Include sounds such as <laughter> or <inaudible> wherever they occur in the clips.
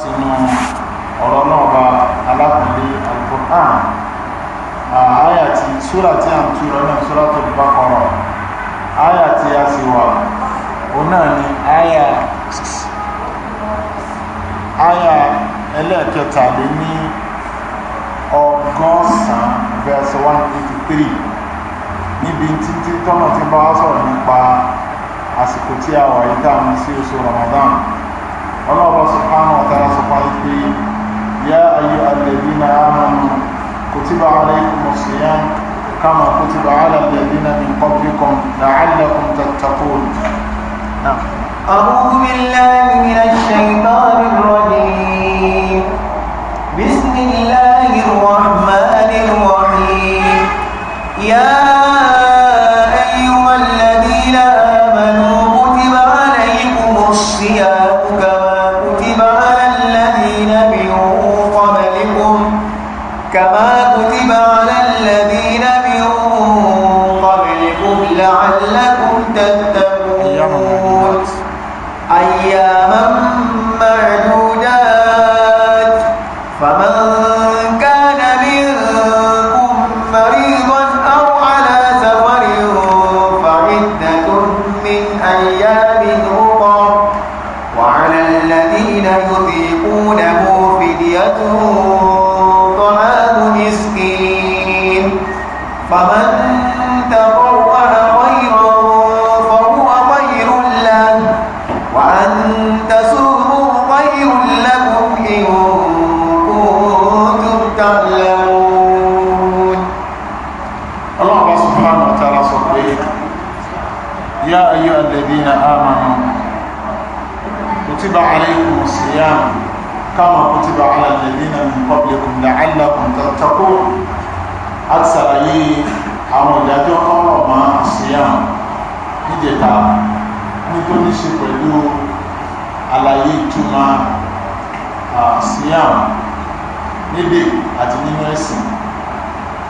tinú ọ̀rọ̀ náà bá alákùnlé alukur'an àyà ti súra tí a ń tú lọ náà súra tó bá kọrọ àyà tí a sì wà ó náà ni àyà àyà ẹlẹ́ẹ̀kẹta lé ní ọgọ́sàn verse one eighty three níbi títí tọ́nà tí bá sọ̀rọ̀ nípa àsìkò tí a wà yìí tá a mú sí oṣù Ramadan. الله سبحانه وتعالى سبحانه يا أيها الذين آمنوا كتب عليكم الصيام كما كتب على الذين من قبلكم لعلكم تتقون نعم. أعوذ بالله من الشيطان الرجيم بسم الله الرحمن الرحيم يا كما kutiba ala alladhina min qablikum la'allakum tattaqun àti sàlàyé àwọn ìdájọ́ ọ̀rọ̀ máa ṣìyàm níjẹta nítorí ṣe pẹ̀lú àlàyé ìtumọ̀ ṣìyàm nílé àti nínú ẹ̀sìn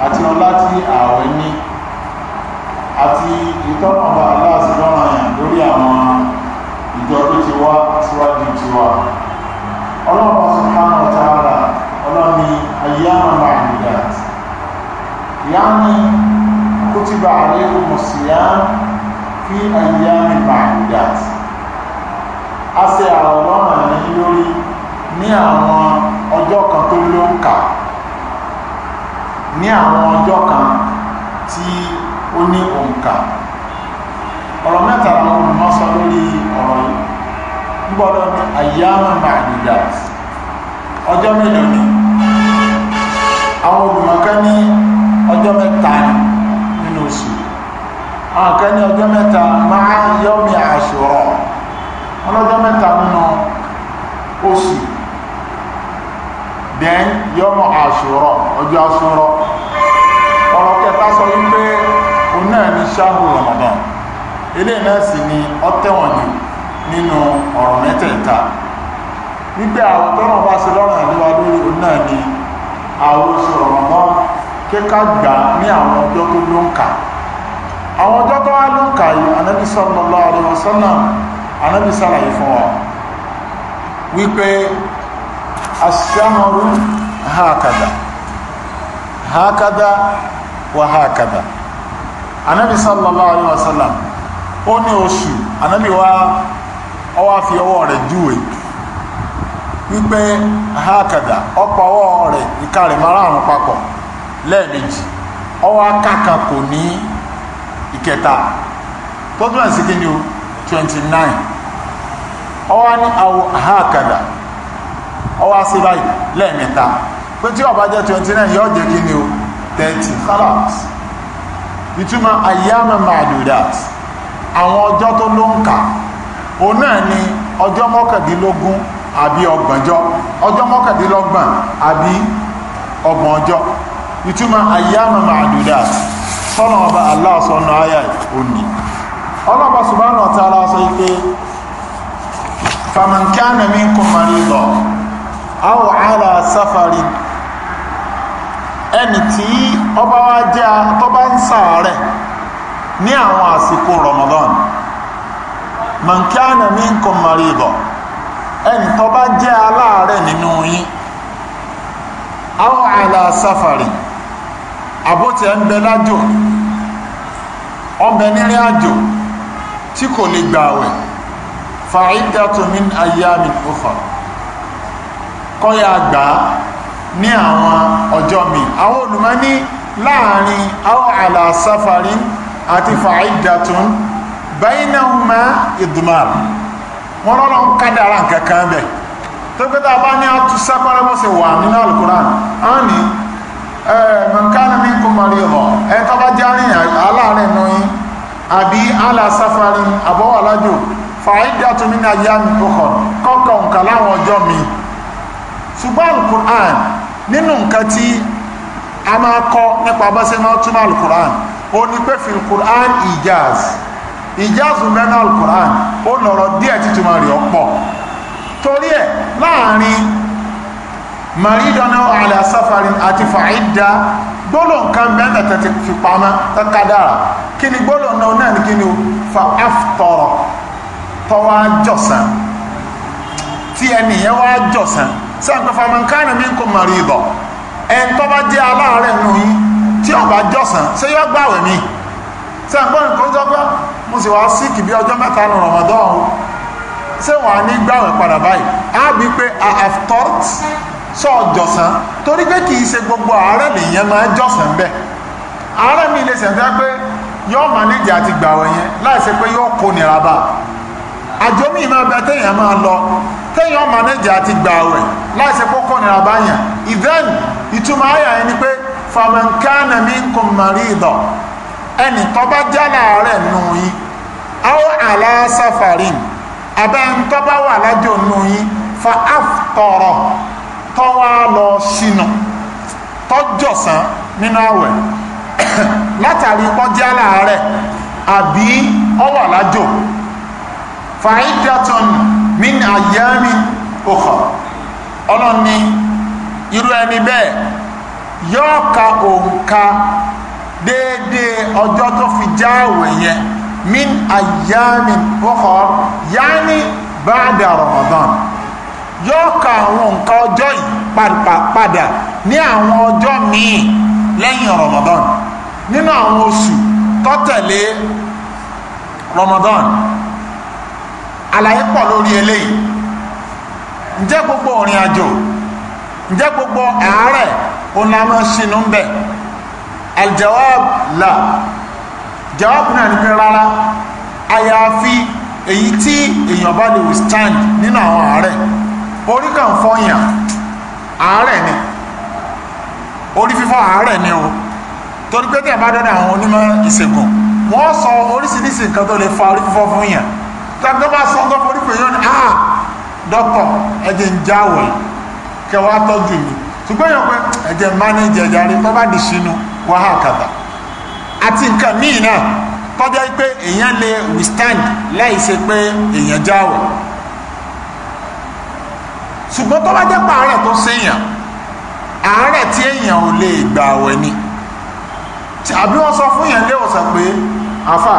àti ọlá tí ààwẹ̀ ní àti ìtọ́nà bá yẹn lórí àwọn ìjọ tó ti wá síwájú tiwa ọlọ́run subhanahu wa ta'ala ọlọ́ni ayyama ma'dudat yáni kutiba alaykum as-siyam fi ayyami ma'dudat a ṣe àwọn ọlọ́run ẹ̀yìn lórí ní àwọn ọjọ́ kan tó ló ń kà ní àwọn ọjọ́ kan tí ó ní òǹkà ọ̀rọ̀ mẹ́ta làwọn olùmọ́sọ lórí ọ̀rọ̀ yìí gbọ́dọ̀ àyàmà màdìdà ọjọ́ mélòó ni àwọn olùmọ̀ká ní ọjọ́ mẹ́ta nínú oṣù àwọn kan ní ọjọ́ mẹ́ta máa yọ́mì àṣùrọ̀ ọlọ́jọ́ mẹ́ta nínú oṣù dẹ́n yọ́mọ̀ àṣùrọ̀ ọjọ́ àṣùrọ̀ ọ̀rọ̀ kẹta sọ wípé òun náà ní ṣáhù Ramadan ilé náà sì ni ọ̀tẹ̀wọ̀n yìí nínú ọ̀rọ̀ mẹ́tẹ̀ẹ̀ta wípé àwọn tọ́nà bá ṣe lọ́rùn àdúrà lórí òun náà ni àwọn oṣù Ramadan kíká gbà ní àwọn ọjọ́ tó ló ń kà àwọn ọjọ́ tó wá ló ń kà yìí anábì sallallahu alaihi wasallam anábì sàlàyé fún wa wípé aṣáhọrú hákàdà hákàdà wà hákàdà anábì sallallahu alaihi wasallam ó ní oṣù anábì wá ọwa fi ọwọ́ rẹ̀ júwe wípé àhákàdà ọpọ̀ ọwọ́ mara ìka papọ márùn papọ̀ lẹ́ẹ̀mejì ọwọ́ akákàkò ní ìkẹta pọ́tùmọ̀ sí kí ni ó 29 ọwọ́ ní àwọ̀ àhákàdà ọwọ́ sí báyìí lẹ́ẹ̀mẹta pé tí ọba jẹ́ 29 30 fallout ìtumọ̀ àyàmà màdùdà àwọn ọjọ́ tó ló ń kà òun náà ni ọjọ́ mọ́kàndínlógún àbí ọgbọ̀njọ́ ọjọ́ mọ́kàndínlọ́gbọ̀n àbí ọgbọ̀njọ́ ìtumọ̀ ayyama ma'dudat sọ́nà ọba Allah ayà òní ọlọ́ba subhanahu wa ta'ala sọ ike faman kana minkum marido aw ẹni tí ọba wa jẹ́ tọ́ba ń ṣàárẹ̀ ní àwọn àsìkò Ramadan mọ̀nkíánà mi ń kọ mọ̀rí ìbọ̀ ẹni tó bá jẹ́ aláàárẹ̀ nínú yín àwọn àlà sáfàrì àbótí ẹ̀ ń bẹ lájò ọbẹ̀ nírìn àjò tí kò lè gbà àwẹ̀ fàáìdàtò min ayyámi òfà kọ́yà àgbà ní àwọn ọjọ́ mi àwọn olùmọ́ ní láàrin àwọn àlà sáfàrì àti fàáìdàtò min bẹ́yìnàmá ìdùnmáà wọ́n lọ́nà ń kádàrà kankan bẹ̀ tó pé tàà bá ní àtúnṣe pẹ́rẹ́mọ́sẹ̀ wà nínú alukuran á ní mọ̀nkánà ní kùmọ̀rí ọ̀ ẹ tó bá járin aláàrin nù yín àbí aláṣáfárí àbọ̀wàlájò fàáìdá tó ní nàíjíríà mi tó kọ̀ kọ́kọ̀ nǹkan láwọn ọjọ́ mi ṣùgbọ́n alukuran nínú nǹkan tí a máa kọ́ nípa bọ́sẹ̀ máa túmọ̀ alukuran ó ní pé fi alukuran ìjáàsì ìjáàzù mẹ́nà alukoran ó lọ́rọ̀ díẹ̀ títúmọ̀ rẹ̀ ọ̀pọ̀ torí ẹ̀ láàrin maridana ala safarin àti fàídà gbọ́lọ̀ nǹkan mẹ́nà tẹ̀tẹ̀ fi pamọ́ tẹ́kádàrà kí ni gbọ́lọ̀ náà náà ní kí ni fa aftọrọ tọwa jọ̀sán tí ẹni yẹn wá jọ̀sán sẹ́ǹkọ́ famankánà mi kò maridọ̀ ẹ̀ ń tọ́ bá jẹ́ aláàárẹ̀ nù yín tí ó bá jọ̀sán ṣé yọ gbàwẹ̀ mi sẹ́ǹkọ́ nǹkan jọ gbọ́ mo sì wá síkì bí ọjọ́ mẹ́ta nù Ramadan ṣé wọ́n á ní gbàwẹ̀ padà báyìí á bí pé i have thought sọ ọjọ́sán torí pé kì í ṣe gbogbo àárẹ̀ nìyẹn máa jọ́sán bẹ́ẹ̀ àárẹ̀ mi lè ṣẹ̀fẹ́ pé yóò máa níjà àti gbàwẹ̀ yẹn láì ṣe pé yóò kó nira bá àjọ míì máa bẹ téèyàn máa lọ téèyàn máa níjà àti gbàwẹ̀ láì ṣe pé kó nira bá yàn ìdẹ́nu ìtumọ̀ àyà yẹn ni pé faman kana minkum marida ẹnì tó bá já láàárẹ̀ nù yín ala aláṣàfàrí abẹ́ ń tó bá wà lájò nù yín fa aftọ̀rọ̀ tó wá lọ ṣìnà tó nínú àwẹ̀ <coughs> látàrí kó já láàárẹ̀ àbí ó wà lájò fàídàtún min àyàmì òkò ọlọ́ni irú ẹni bẹ́ẹ̀ yóò ka déédéé ọjọ́ tó fi jáwèé yẹn min ayyamin ukhar yaani ba'da ramadan yóò ka àwọn nǹkan ọjọ́ yìí padà ní àwọn ọjọ́ míì lẹ́yìn ramadan nínú àwọn oṣù tó ramadan àlàyé pọ̀ lórí eléyìí ǹjẹ́ gbogbo òrìn àjò ǹjẹ́ gbogbo àárẹ̀ aljawab la jawab náà ní pé rárá àyàfi èyí tí èèyàn bá lè withstand nínú àwọn ààrẹ orí kan fọyàn ààrẹ ni orí fífọ́ ààrẹ ni o torí pé tí a bá dọ́dọ̀ àwọn onímọ̀ ìṣègùn wọ́n sọ oríṣiríṣi nǹkan tó lè fa orí fífọ́ fún yàn tọ́gbọ́n bá sọ ọgọ́ forí pé yóò ní ah dọ́kọ̀ ẹ̀jẹ̀ ń jáwèé kẹwàá tọ́jú mi ṣùgbọ́n yóò pé ẹ̀jẹ̀ mánéjì ẹ̀jẹ̀ àrí bá di sínú wọ́n hà kàdà àti nǹkan míì náà tọ́jọ́ pé èèyàn lè withstand láì ṣe pé èèyàn jáwọ̀ ṣùgbọ́n tó bá jẹ́ pé àárẹ̀ tó ṣèyàn àárẹ̀ tí èèyàn ò lè gbà àwẹ̀ ni àbí wọ́n sọ fún èèyàn lé ọ̀sán pé afa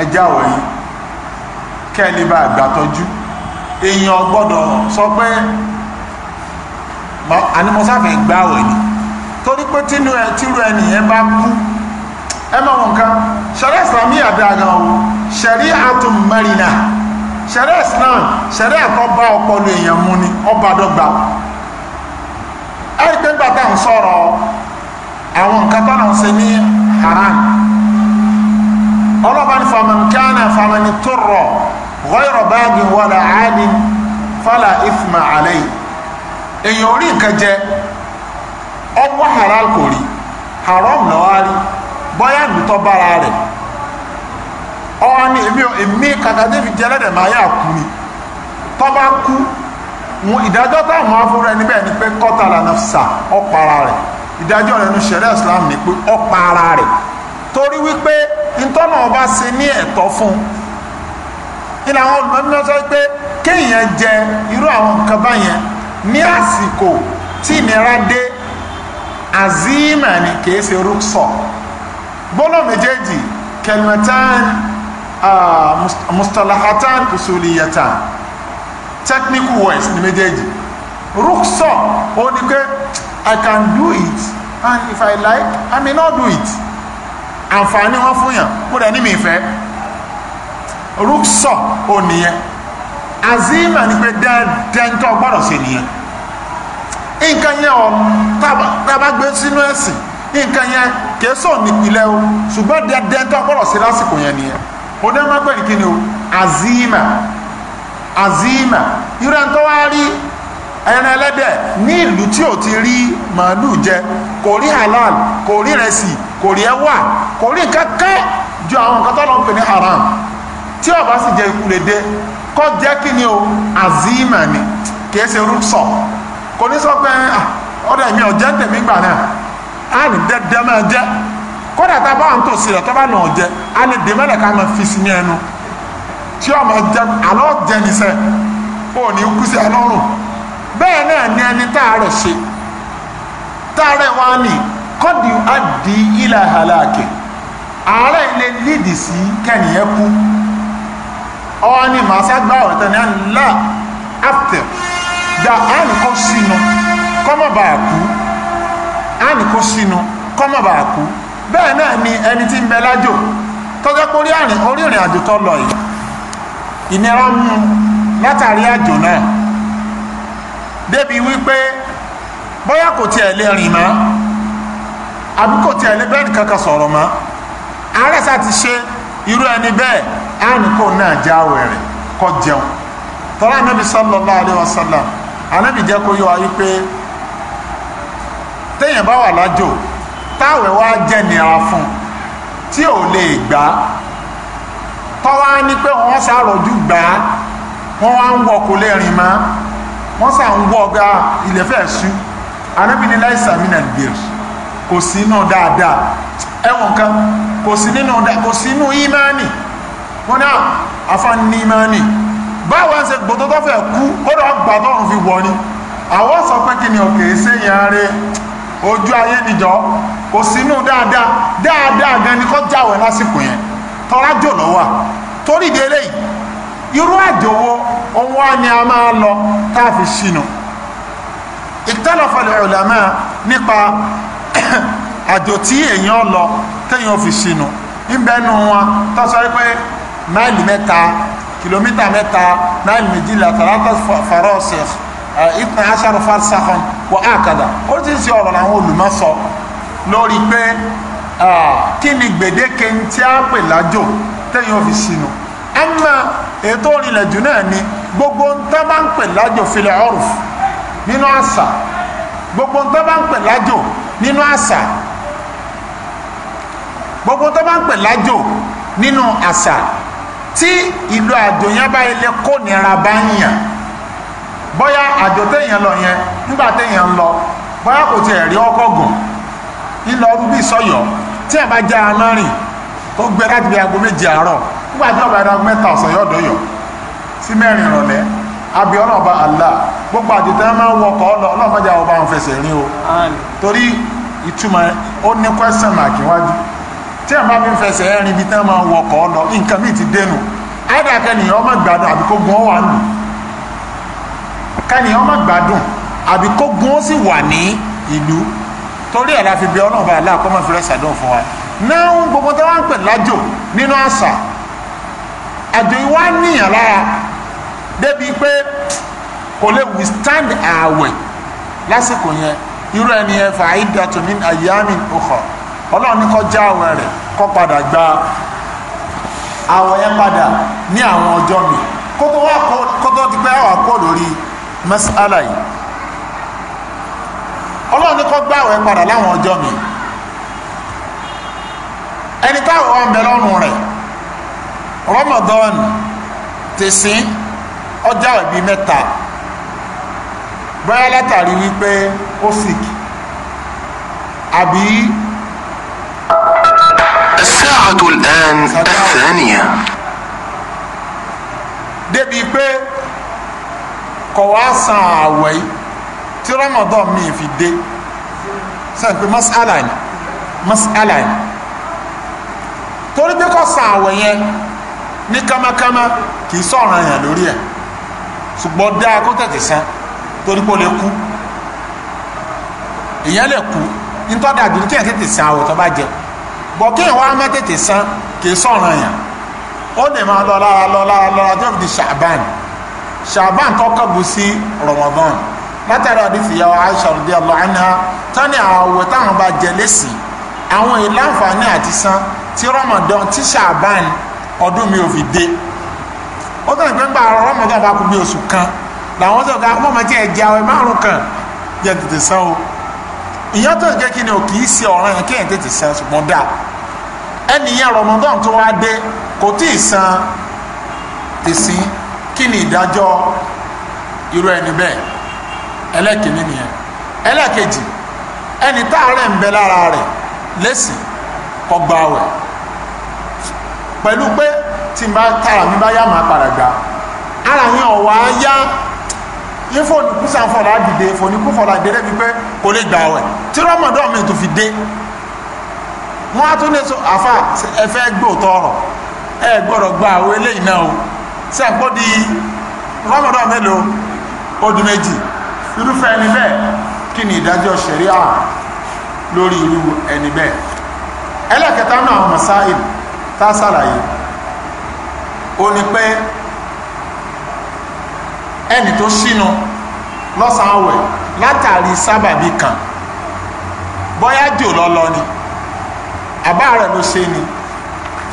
ẹ jáwọ̀ yìí kẹ́ni bá gbà tọ́jú èèyàn gbọ́dọ̀ sọ pé ànímọ́sáfẹ́ gbà àwẹ̀ ni torí pé tínú ẹ tíru ẹnìyẹn bá kú ẹ mọ̀ wọn kan ṣẹ̀ríà ìsìlámù yàda gan o ṣẹ̀ríà àtún mẹ́rìnà ṣẹ̀ríà ìsìlámù ṣẹ̀ríà ẹ̀kọ́ bá ọpọlọ èèyàn mu ni ọba dọ́gba ẹ̀rí pé gbàtà ń sọ̀rọ̀ àwọn nǹkan tó náà ṣe ní haram ọlọ́ba ní faman kana faman turra ghayra bagin wala adin fala ithma alayhi èèyàn orí nǹkan jẹ ọwọ́ halal kò haram náà wá bọya bọ́yá ìlútọ́ bára rẹ̀ ni èmi èmi kàkà débi jẹ́ lẹ́dẹ̀ máa yà ni tọ́ bá kú ìdájọ́ táwọn afúnra ẹni bẹ́ẹ̀ ni pé na nafsa ọ̀para rẹ̀ ìdájọ́ rẹ̀ nu islam ni ọba ní ẹ̀tọ́ fún àwọn olùmọ̀mọ́ sọ pé kéèyàn jẹ irú àwọn nǹkan báyẹn ní àsìkò tí azima ni kìí ṣe rúksọ gbọ́nà méjèèjì kẹlmẹtán mustalahatan usuliyatan technical words ni méjèèjì rúksọ ó ní pé i can do it and if i like i may not do it àǹfààní wọn fún yàn mo dẹ̀ ní mi ìfẹ́ Rukso. ó nìyẹn azima ni pé dandan tó gbọ́dọ̀ ṣe nìyẹn nǹkan yẹn ọ tábà gbé sínú ẹ̀sìn nǹkan yẹn kìí sọ nípìnlẹ̀ o ṣùgbọ́n dẹ́dẹ́ tó gbọ́dọ̀ sí lásìkò yẹn nìyẹn ó dẹ́ máa pẹ̀lú o azima azima irú ẹni tó wá rí ẹran ẹlẹ́dẹ̀ ní ìlú tí ti rí màálù jẹ kò rí halal kò rí rẹsì kò rí ẹwà kò rí àwọn nǹkan tó lọ ń pè ní haram tí sì jẹ ikú lè dé kó azima ni kìí ṣe kò ní sọ pé ah, ọ̀dọ̀ èmi ọ̀jẹ́ tèmi gbà náà á ní dẹ́dẹ́ máa jẹ́ kódà tá a bá wọn tòsí rẹ̀ tó bá nà ọ̀jẹ́ á ní dèmẹ́lẹ̀ ká máa fi sí ní ẹnu tí ọmọ jẹ àlọ́ jẹ níṣẹ́ ó ní kú sí ọlọ́run bẹ́ẹ̀ náà ni ẹni tá a rẹ̀ ṣe tá a rẹ̀ wá ní kọ́dì á di ilà àlàkè ààrẹ ilé nídìí sí kẹ́nìyẹn ọ ní màá sá gbá ní àná láà after da ànìkọ́ sínú kọ́mọ̀bà àkú ànìkọ́ sínú kọ́mọ̀bà àkú bẹ́ẹ̀ náà ni ẹni tí ń bẹ lájò tọ́jọ́ pé orí àrìn orí ìrìn àjò tó lọ yìí ìnira mú látàrí àjò náà débi wípé bóyá kò tiẹ̀ lè rìn mọ́ àbí kò tiẹ̀ lè bẹ́ẹ̀ nìkan sọ̀rọ̀ mọ́ àárẹ̀sà ti ṣe irú ẹni bẹ́ẹ̀ àrùn kò náà jáwèé rẹ̀ kó jẹun tọ́lá Ànábì sallallahu alaihi wasallam ànábì jẹ́ kó yọ wa wípé téèyàn bá wà lájò táwẹ̀ wá jẹ́ nira fún tí ò lè gbà tọ́wá ní pé wọ́n sàrọ̀jú gbà wọ́n wá ń wọ kò lè rìn mọ́ wọ́n sà ń wọ ọ̀gá ilẹ̀ fẹ́ sú ànábì ní láìsà mínà kò sí inú dáadáa ẹ̀wọ̀n kan kò sí nínú ìmánì wọ́n náà afá ní ìmánì báwo ẹ ṣe gbòtó tó fẹ́ kú ó lọ gbà tọrùn fi wọ ni àwọn sọ pé kí ni òkè séyàn rẹ ojú ayé nìjọ kò sínú dáadáa dáadáa gan ni kó jáwé lásìkò yẹn tọ́lájò lọ wà torí ìdílé yìí irú àjòwò ohun wa ni a máa lọ tá a fi ṣìnà ìtẹ́lọ̀fọ̀lẹ̀ ulama nípa <coughs> àjò tí èèyàn lọ téèyàn fi ṣìnà ń bẹnu wọn tó sọ pé máìlì mẹ́ta kìlómítà mẹ́ta náà méjìlá tàlátà farọ́ọ̀sì ìtàn aṣáájú farisahàn wọ àkàdà ó ti ń ṣe ọ̀rọ̀ làwọn olùmọ̀ sọ lórí pé kí ni gbèdéke ń tí a pè lájò téèyàn ò fi sínú ẹ̀mà ètò ìrìnlẹ̀ jù náà ni gbogbo ń tẹ́ bá ń pè lájò filẹ̀ ọ̀rùf nínú àṣà gbogbo ń tẹ́ bá ń pè lájò nínú àṣà gbogbo ń tẹ́ bá ń pè lájò tí ìlú àjò yẹn bá ilé kó nira bá ń yàn bóyá àjò téèyàn lọ yẹn nígbà téèyàn ń lọ bóyá kò tiẹ̀ rí ọkọ̀ gùn ńlọ ọdún bíi tí ẹ bá já alárin tó gbé láti bí aago méje àárọ̀ nígbà tí ọba gbogbo máa ń wọkọ̀ ọlọ ọlọ́ọ̀bá jà ọba àwọn fẹsẹ̀ rí o torí ìtumọ̀ ó ní kwẹ́sàn tí a máa fi ń fẹsẹ̀ ẹ̀rin ibi tán máa wọkọ̀ lọ nǹkan míì ti dẹnu ẹ̀dàkẹ́ nìyẹn ọmọ gbádùn àbí kó gun ó wà nù kẹ́nìyàn ọmọ gbádùn àbí kó gun ó sì wà ní ìlú torí ẹ̀ la fi bẹ ọlọ́run báyìí láàkọ́ máa fi rẹ̀ sàdán fún wa náà gbogbo tó wá ń pè lájò nínú àṣà àjò ìwá níyàn lára débi pé kò lè withstand ààwẹ̀ lásìkò yẹn irú ẹni yẹn fa àìdàtúmí àyàmì òkò ọlọ́run ní kó já àwẹ̀ rẹ̀ kó padà gba àwẹ̀ yẹn padà ní àwọn ọjọ́ mi kótó wá kótó ti pẹ́ àwà kó lórí mẹ́sàlá yìí ọlọ́run ní kó gba àwẹ̀ padà láwọn ọjọ́ mi ẹni táwọn wà bẹ lọ́rùn rẹ̀ Ramadan tẹ̀sìn ọjà ìbí mẹ́ta bóyá látàrí wípé ó sìkì àbí الساعة الآن الثانية débi pé kọ̀ wá san àwẹ̀ yìí tí ramadan mi fi dé sàn pé masala ni masala ni torí pé kọ̀ san àwẹ̀ yẹn ní kámákámá kì í sọ̀ràn yẹn lórí ẹ̀ ṣùgbọ́n dáa kó tètè san torí pé ó lè kú èèyàn lè kú ntọ́ dàbí kí ẹ̀ tètè san àwọ̀ tó bá jẹ bọ̀ kí ẹ̀ wá má tètè san kì í sọ̀ràn yàn ó dẹ̀ máa lọ lára lọ lára lọ lára tó fi di ṣàbán ṣàbán tó kọ̀gùn sí rọ̀mọ̀bọ̀n látàrí àdìsí ìyá wa aisha radiyallahu anha tani àwọ̀ táwọn bá jẹ lẹ́sìn àwọn ìlànfààní àti san tí rọmọdán tí ṣàbán ọdún mi ò fi dé ó tàn pé nípa rọmọdán bá kú bí oṣù kan làwọn sọ̀rọ̀ ká mọ̀mọ́ tí ẹ̀ jẹ́ àwẹ̀ márùn kan jẹ́ tètè san o ìyẹn tó jẹ́ kí ni o kì í ṣe ọ̀ràn yẹn kéèyàn tètè san ṣùgbọ́n dáa ẹni yẹn rọmọdán tó wá dé kò tí ì san tẹ̀sín kí ni ìdájọ́ irú ẹni bẹ́ẹ̀ ẹlẹ́kìnní nìyẹn ẹlẹ́kejì ẹni táàárẹ̀ ń bẹ lára rẹ̀ lẹ́sìn kọgbà wẹ̀ pẹ̀lú pé tí n bá tára mi bá yá máa padà gbà ara yẹn ọ̀wá yá yé fóònù kúsà fọlá dìde fóònù kú fọlá dèrè wípé kò lè gbà wẹ̀ tí rọmọdún mi tó fi dé wọn á tún lè so àfa ẹfẹ gbòòtọ ọ̀rọ̀ ẹ gbọ́dọ̀ gba àwọn eléyìí náà o ṣe àpò di rọmọdún mélòó ọdún méjì irúfẹ́ ẹni bẹ́ẹ̀ kí ni ìdájọ́ ṣẹ̀ríà lórí irú ẹni bẹ́ẹ̀ ẹlẹ́kẹta náà mọ̀sáìlì tá a ṣàlàyé ó ní pé ẹni tó ṣínú lọ́sàn-án àwẹ̀ látàrí sábàbí kan bóyá jò lọ́lọ́ ni àbá rẹ̀ ló ṣe ni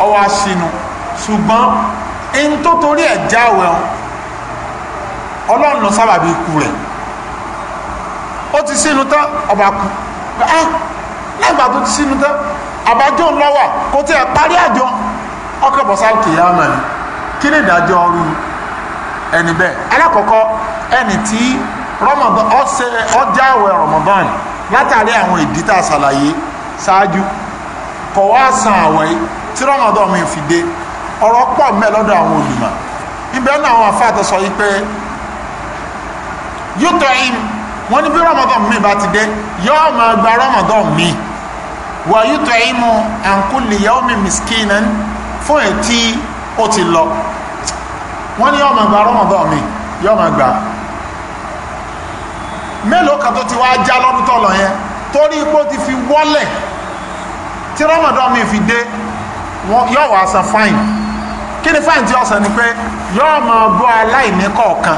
ọwọ́ aṣínú ṣùgbọ́n in tó torí ẹ̀ jáwẹ̀ ọ́n ọlọ́run lọ sábàbí ikú rẹ̀ ó ti sínú tán ọba kú ah lágbà tó ti sínú tán àbájọ́ ńlọ́wà kó tí ẹ parí àjọ ọkọ̀ bọ̀sá kìí kí ni ìdájọ́ ọrùn ẹni bẹ́ẹ̀ alákọ̀ọ́kọ́ ẹni tí Ramadan ọ̀sẹ̀ ọ̀dáwẹ̀ Ramadan látàrí àwọn ìdí tá a ṣàlàyé ṣáájú kọ̀ wá san àwẹ̀ tí Ramadan mi fi dé ọ̀rọ̀ pọ̀ mẹ́ lọ́dọ̀ àwọn olùmọ̀ ibẹ̀ náà àwọn afáàtọ̀ sọ yìí pé yóò tọ́ im wọ́n ní bí Ramadan mi bá ti dé yóò máa gba Ramadan mi wà yóò tọ́ imu àǹkúlì omi miskinan fún ètí ó ti lọ wọ́n ní yọ́ ma gba rọ́mọ̀dọ́ mi yọ́ ma gba mélòó kan tó ti wá já lọ́dún tọ́lọ̀ yẹn torí ipò ti fi wọ́lẹ̀ tí rọ́mọ̀dọ́ mi fi dé yọ́ wà san fáìn kí ni fáìn tí ó san ni pé yọ́ ma bọ́ aláìní kọ̀ọ̀kan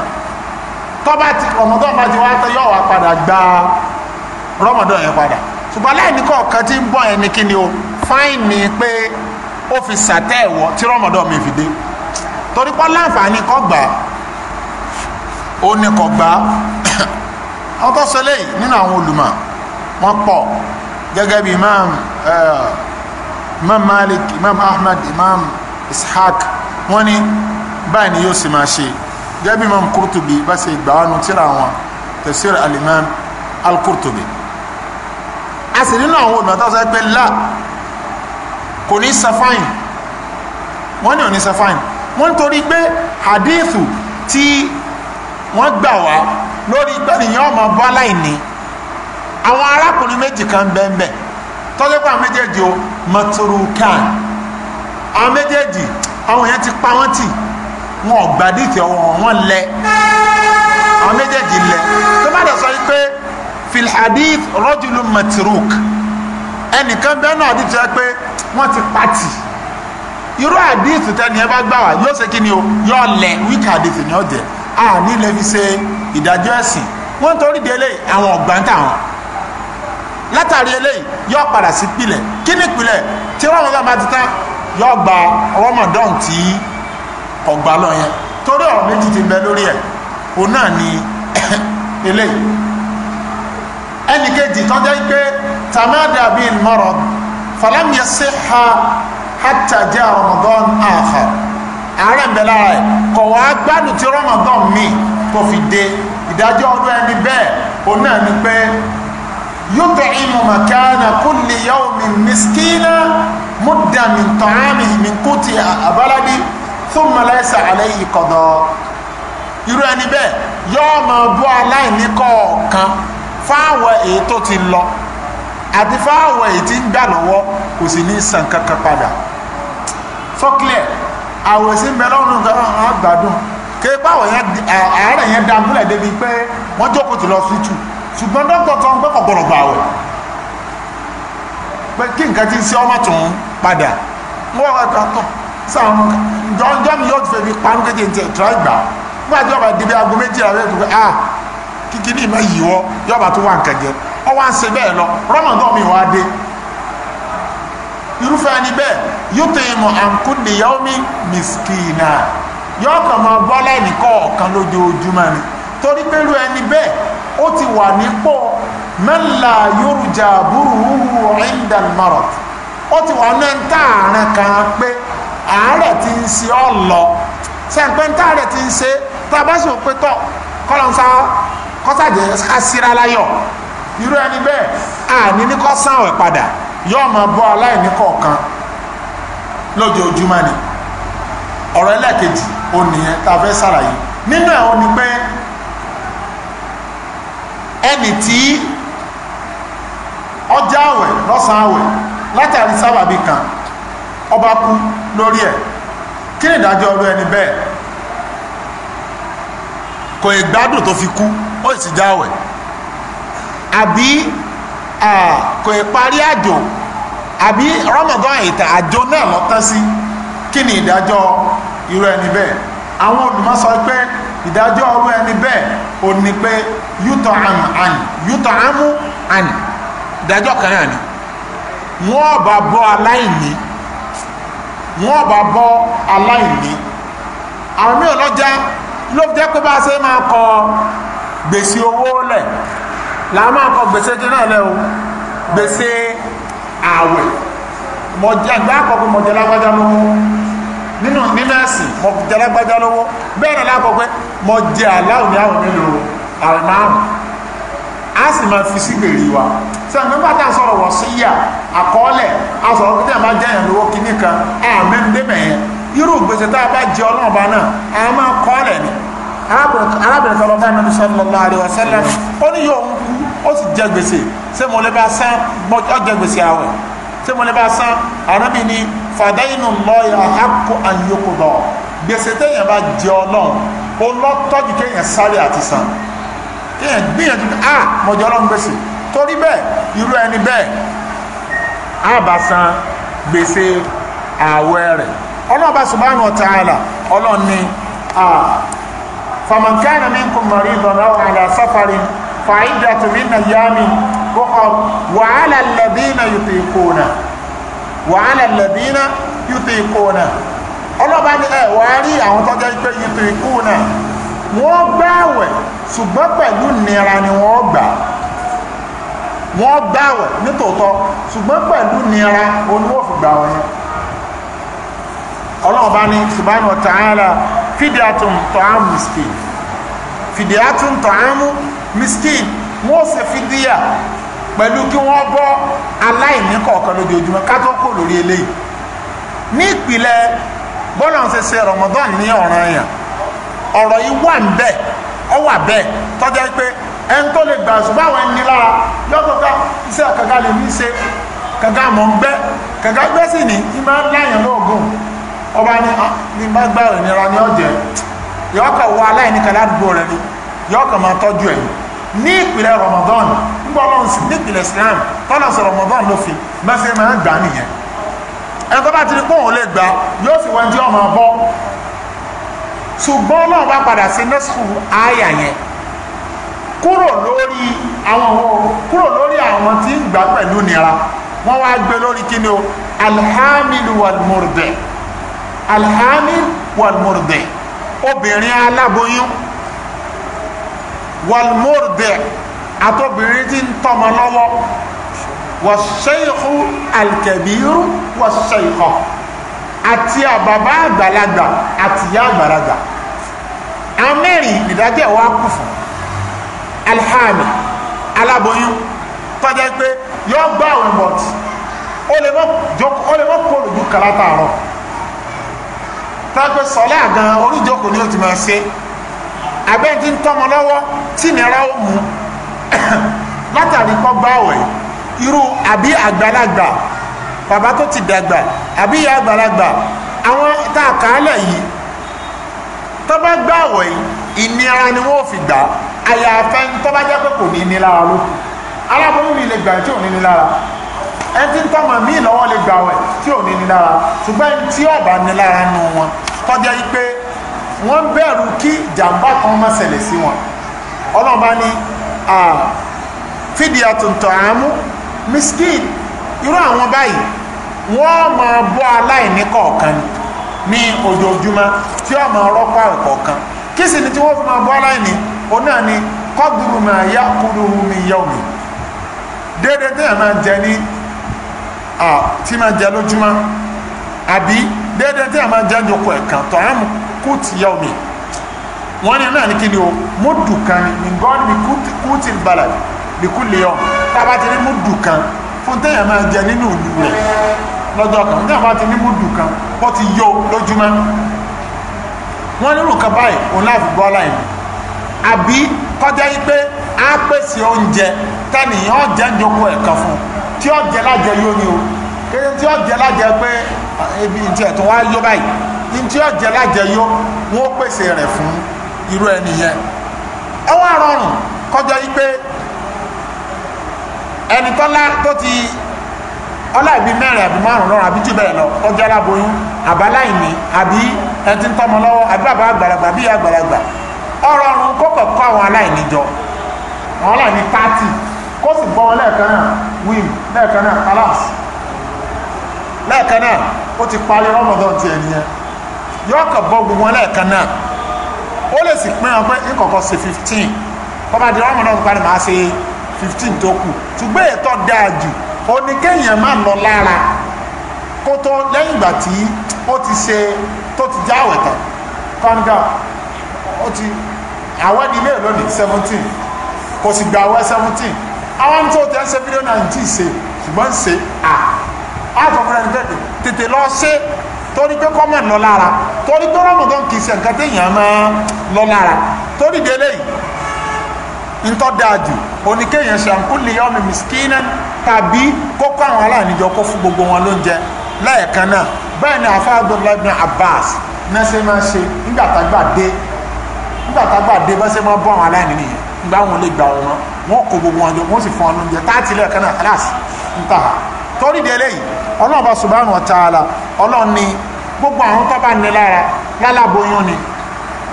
tọ́ba ti rọ́mọ̀dọ́ ma ti wá tán yọ́ wà padà gba rọ́mọ̀dọ́ yẹn padà ṣùgbọ́n aláìní kọ̀ọ̀kan ti ń bọ̀ yẹn ni kí ni o fáìn ni pé ó fi sàtẹ́ ẹ̀wọ̀ tí rọ́mọ̀dọ́ mi fi dé torí pọ́ láǹfààní kọ́ gbà ó ní kọ́ gbà <coughs> wọ́n tó sọ léyìí nínú àwọn olùmọ̀ wọ́n pọ̀ gẹ́gẹ́ bí imam imam malik imam ahmad imam ishaq wọ́n ní báyìí ni yóò sì máa ṣe gẹ́gẹ́ bí imam kurtubi bá ṣe gbà wọnú tíra wọn tafsir alimam al a sì nínú àwọn olùmọ̀ tó sọ pé la kò ní safain wọ́n ní ò ní safain wọ́n torí pé hadithu tí wọ́n gbà wá lórí pé nìyẹn ọmọ bọ́ aláìní àwọn arákùnrin méjì kan bẹ́ẹ̀ tọ́jú pé àwọn méjèèjì o mọ̀tòrúkàn àwọn méjèèjì àwọn èèyàn ti pa wọ́n tì wọn ò gbàdìtì ọ̀wọ̀n wọn lẹ àwọn méjèèjì lẹ tó má dẹ̀ sọ yìí pé filhadith rọ́jùlù mọ̀tòrúk ẹnìkan bẹ́ẹ̀ náà àdìtì ẹ pé wọ́n ti pa tì irú àdìsí tẹ́ni ẹ bá gbà wá yóò ṣe kí ni o yóò lẹ wíkà àdìsí ni ó jẹ a nílẹ̀ fi ṣe ìdájọ́ ẹ̀sìn wọ́n torí de eléyìí àwọn ọ̀gbọ́n táwọn látàrí eléyìí yóò padà sí pilẹ̀ kí ni pilẹ̀ tí wọ́n lọ́ba ti tán yóò gba ramadan tí ọgbà lọ yẹn torí ọ̀rọ̀ méjì ti bẹ lórí ẹ̀ òun náà ni <coughs> eléyìí ẹnì kejì tọ́jú pé tamada bíi mọ́rọ̀ falam yasiha hatta jẹ́ ramadan àfà àárẹ̀ ń bẹ lára ẹ̀ kọ̀ wá gbádùn tí ramadan míì tó fi dé ìdájọ́ ọdún ẹni bẹ́ẹ̀ òun náà ni pé yut'imu makana kulli yawmin miskina mudda min ta'amihi min quti baladi thumma laysa alayhi qada irú ẹni bẹ́ẹ̀ yóò máa bú aláìní kọ̀ọ̀kan fáwọn èyí tó ti lọ àti fáwọn èyí tí ń gbà lọ́wọ́ kò sì ní san kankan padà sọ́kílẹ̀ àwẹ̀ sí ń bẹ lọ́rùn nǹkan àwọn àgbàdùn ké báwọ̀ yẹn àárẹ̀ yẹn da gúnlẹ̀ débi pé wọ́n jókòó ti lọ sùtù ṣùgbọ́n dókítà kan pé kò gbọ́dọ̀ gbà wẹ̀ pé kí nǹkan ti ń ṣe ọmọ tó ń padà mo wà wá tọ́ sáwọn jọ́njọ́ mi yóò ti fẹ́ fi panu kéde ní tẹ̀ tíra ìgbà nígbà tí ọba débi aago méjì rà tó fẹ́ ah kíkí ní ìmọ̀ yìí wọ́ yọba tó wà nǹkan jẹ ọ wá ń ṣe bẹ́ẹ̀ lọ rọ́mọdọ́ mi wá dé irúfẹ́ ẹni bẹ́ẹ̀ yutimu an kulli miskina yóò kàn máa bọ́ lẹ́nì kọ̀ọ̀kan lójoojúmọ́ ni torí pẹ̀lú ẹni bẹ́ẹ̀ ó ti wà nípò man la yurja burruhu inda al-marad ó ti wà ní táàrin kan pé àárẹ̀ ti ń ṣe ọ́ lọ sẹ́ǹpẹ́ ń ti ń ṣe tá a bá sì pé kọ́sàjẹ́ asíralayọ̀ irú ẹni bẹ́ẹ̀ àní ní kọ́ sáwọn padà yọọ ma bọ aláìní lọjọ lójoojúmọ́ ni ọ̀rọ̀ ẹlẹ́ẹ̀kejì ó nìyẹn tá a fẹ́ ṣàlàyé nínú ẹ̀ ó ní pé ẹnì tí ọjà àwẹ̀ lọ́sàn látàrí sábàbí kan ọba kú lórí e kí ni ìdájọ́ ọ̀rọ̀ ẹni bẹ́ẹ̀ kò ìgbádùn tó fi kú ó sì jáwẹ̀ àbí kò ì parí àjò àbí Ramadan ìtà àjò náà lọ́tán sí kí ni ìdájọ irú ẹni bẹẹ àwọn olùmọsọ pé ìdájọ irú ẹni bẹẹ ò ní pé yútọ̀ àmù àní yútọ̀ àmù àní kan bọ́ aláìní àwọn ló fi kọ gbèsè owó làá máa kọ gbèsè jẹ náà lẹ o gbèsè ààwẹ̀ mọ̀jẹ́ àgbà àkọ́kọ́ mọ̀jẹ́ lágbájá lówó nínú nínú ẹ̀sìn mọ̀jẹ́ lágbájá lówó bẹ́ẹ̀ náà lákọ̀ọ́pẹ́ mọ̀jẹ́ aláwọ̀ ní àwọn mélòó àrùn márùn a sì máa fi sí gbèrè wa sẹ́yìn nígbà tá a sọ̀rọ̀ wọ̀ sí yà àkọọ́lẹ̀ a sọ̀rọ̀ pé tẹ́ẹ̀ bá jẹ́ èèyàn lówó kíní kan sallallahu alaihi wasallam ó ní yóò ó sì jẹ gbèsè ṣé mo lè bá san ọ jẹ gbèsè àwẹ̀ ṣé mo lè bá san àrẹ́bí ni fàdáyínú lọ́ọ̀yà àkó àyókòdọ̀ gbèsè téèyàn bá jẹ ọlọ́run ó lọ́tọ́jú kéèyàn sáré àti san kéèyàn gbìyànjú à ah, mọ̀jọ́ ọlọ́run gbèsè torí bẹ́ẹ̀ irú ẹni bẹ́ẹ̀ á bá san gbèsè àwẹ̀ rẹ̀ ọlọ́run bá subhanahu wa ta'ala ọlọ́run ni ah, famankana minkum maridan aw ala safarin فعدت من أيام أخر وعلى الذين يطيقون وعلى الذين يطيقون ọlọ́ba ni ẹ wàá rí àwọn tó jẹ́ pé yìí tó ikú náà wọ́n gbààwẹ̀ ṣùgbọ́n pẹ̀lú nira ni wọ́n gbà wọ́n gbààwẹ̀ nítòótọ́ ṣùgbọ́n pẹ̀lú nira oníwòfù gbà wọ́n yẹn ọlọ́ba ni subhanahu wa ta'ala fìdíàtún tọ́hámù miskin fìdíàtún tọ́hámù miskin miskin wọ́n ṣe fídíà pẹ̀lú kí wọ́n bọ́ aláìní kọ̀ọ̀kan lójoojúmọ́ ká tó kò lórí eléyìí ní ìpìlẹ̀ bọ́lá ń ṣe ṣe Ramadan ní ọ̀ràn èèyàn ọ̀rọ̀ yìí wà ń bẹ̀ ọ wà bẹ́ẹ̀ tọ́jà pé ẹni tó lè gbà ṣùgbọ́n àwọn ẹni lára lọ́tọ̀ọ́ta iṣẹ́ kàkà lè ní ṣe kàkà mọ̀ ń gbẹ́ kàkà gbẹ́ sì ní ìmọ̀ láyàn lóògùn ọba ní ah, ní bá gbà ìnira ní ọ̀jẹ̀ yọ̀ọ́kọ̀ wọ aláìníkà ládùúgbò rẹ̀ ni yọ̀ọ́kọ̀ máa tọ́jú ẹ̀yìn ní ìpìlẹ̀ Ramadan nígbà ọlọ́run sí ní ìpìlẹ̀ Islam tọ́lọ̀ sọ Ramadan ló fi mẹ́fẹ́ máa gbà nìyẹn ẹni tó bá ti rí pé òun lè gbà yóò fi wọ́n jẹ́ ọmọ bọ́ ṣùgbọ́n ọlọ́run bá padà sí nẹ́sùn àyà yẹn kúrò lórí àwọn kúrò lórí àwọn tí ń gbà pẹ̀lú nira wọ́n wá gbé lórí kíni o alhamidu walmurde alhamidu walmurde obìnrin aláboyún walmorbe àtọ́bìnrin tí ń tọ́mọ lọ́wọ́ wàṣẹ́ìkú alkẹ̀bírú wàṣẹ́ìkọ̀ àti àbàbá àgbàlagbà àti ìyá àgbàlagbà amẹ́rin nìdájẹ́ wa kù fún alhami aláboyún tọ́jà pé yọ gbá òun bọ̀tì ó lè mọ́ kó olùdókàlá tààrọ̀ tọ́jà pé sọ́lá gan oríjókòó ni ó ti máa ṣe é abẹ́ẹ̀ ti ń tọ́mọ lọ́wọ́ tí nira ó mú <coughs> látàrí kọ́ gbáwẹ̀ irú àbí àgbàlagbà bàbá tó ti dàgbà àbí ìyá àgbàlagbà àwọn tá a kà á lẹ̀ yìí tó bá ìnira ni wọ́n fi gbà àyàfẹ́ tó bá jẹ́ pé kò ní ní lára ló aláboyún mi lè gbà tí ò ní ní lára ẹni tí tọ́mọ míì lọ́wọ́ lè gbàwẹ̀ tí ò ní ní ṣùgbọ́n tí ọ̀bà ní lára nù wọn tọ́jẹ́ pé wọ́n bẹ̀rù kí jàǹbá kan má ṣẹlẹ̀ sí wọn ọlọ́run bá ní fídíàtun tọ̀hámú miskin irú àwọn báyìí wọ́n máa bọ́ aláìní kọ̀ọ̀kan ní ojoojúmọ́ tí wọ́n máa rọ́pá kọ̀ọ̀kan kí sì ni tí wọ́n fi máa bọ́ aláìní òun náà ni kọ́dùrú máa yá kúrú mi yá omi déédéé tí máa jẹ ní tí máa jẹ lójúmọ́ àbí déédéé tí a máa jẹ́ njoko ẹ̀kan tọ́ àmú kú ti yá omi wọ́n ní náà ní kí ni o múdù kan ní ngọ́ọ̀dù bí kú ti balà bí kú lè yọ tába ti ní múdù kan fún téèyàn máa jẹ nínú ìlú rẹ̀ lọ́jọ́ kan téèyàn bá ti ní múdù kan ó ti yọ lójúmọ́ wọ́n nírú kan báyìí òun láàfin bọ́ láì mú àbí kọjá yí pé á pèsè oúnjẹ tẹ́nìyàn jẹ́ njoko ẹ̀kan fún tí ó jẹ yóò ní o kéde tí ó jẹ pé ebi ntí ẹ̀ tó wá yó báyìí ntí ọ̀jẹ̀ lájẹyó wọn ó pèsè rẹ fún irú ẹni yẹn ẹ wá rọrùn kọjọ yìí pé ẹni tọ́lá tó ti ọlá ìbí mẹ́rin àbí márùn lọ́rùn àbí jù bẹ́ẹ̀ lọ ọjọ́ aláboyún àbáláìní àbí ẹtí ń tọ́mọ lọ́wọ́ àbí bàbá àgbàlagbà àgbàlagbà kó àwọn aláìní jọ àwọn aláìní kó sì gbọ́ lẹ́ẹ̀kan náà lẹ́ẹ̀kan náà ó ti parí ramadan ti ẹni yẹn yóò kàn bọ́ gbogbo wọn lẹ́ẹ̀kan náà ó lè sì pín ọpẹ́ ìkọ̀kọ̀ sí fifteen kọ́ba di ramadan tó parí màá ṣe fifteen tó kù ṣùgbọ́n ètò dáa jù ó ní kéèyàn má lọ lára kó tó lẹ́yìn ìgbà tí ó ti ṣe tó ti já àwẹ̀ tán kọ́ńdà ó ti àwẹ̀ ilé lónìí seventeen kò sì gba àwẹ̀ seventeen àwọn tó ti ẹ́ ṣe fídíò náà ń tì ṣe ṣùgbọ́n ń ṣe à á tọ́ fún ẹni bẹ́ẹ̀ tètè lọ ṣe torí pé kọ́mọ̀ lọ lára torí pé rọ́mùgán kì í ṣe nǹkan téèyàn máa lọ lára torí délé yìí ntọ́ dáa jù oníkéèyàn ṣe àǹkúlì yọ́mi miskinan tàbí kókó àwọn aláìníjọ kó fún gbogbo wọn lóúnjẹ lẹ́ẹ̀kan náà bẹ́ẹ̀ ni àfa Abdullahi ibn Abbas náà ṣe máa ṣe nígbà tágbà dé nígbà tágbà dé bá ṣe máa bọ́ àwọn aláìní nìyẹn nígbà wọn lè gbà wọn mọ́ wọn kó gbogbo wọn jọ wọn sì fún wọn lóúnjẹ táàtì lẹ́ẹ̀kan náà kíláàsì ń tà torí délé yìí ọlọ́run bá subhanahu wa ta'ala ọlọ́run ni gbogbo àwọn tó bá ní lára láláboyún ni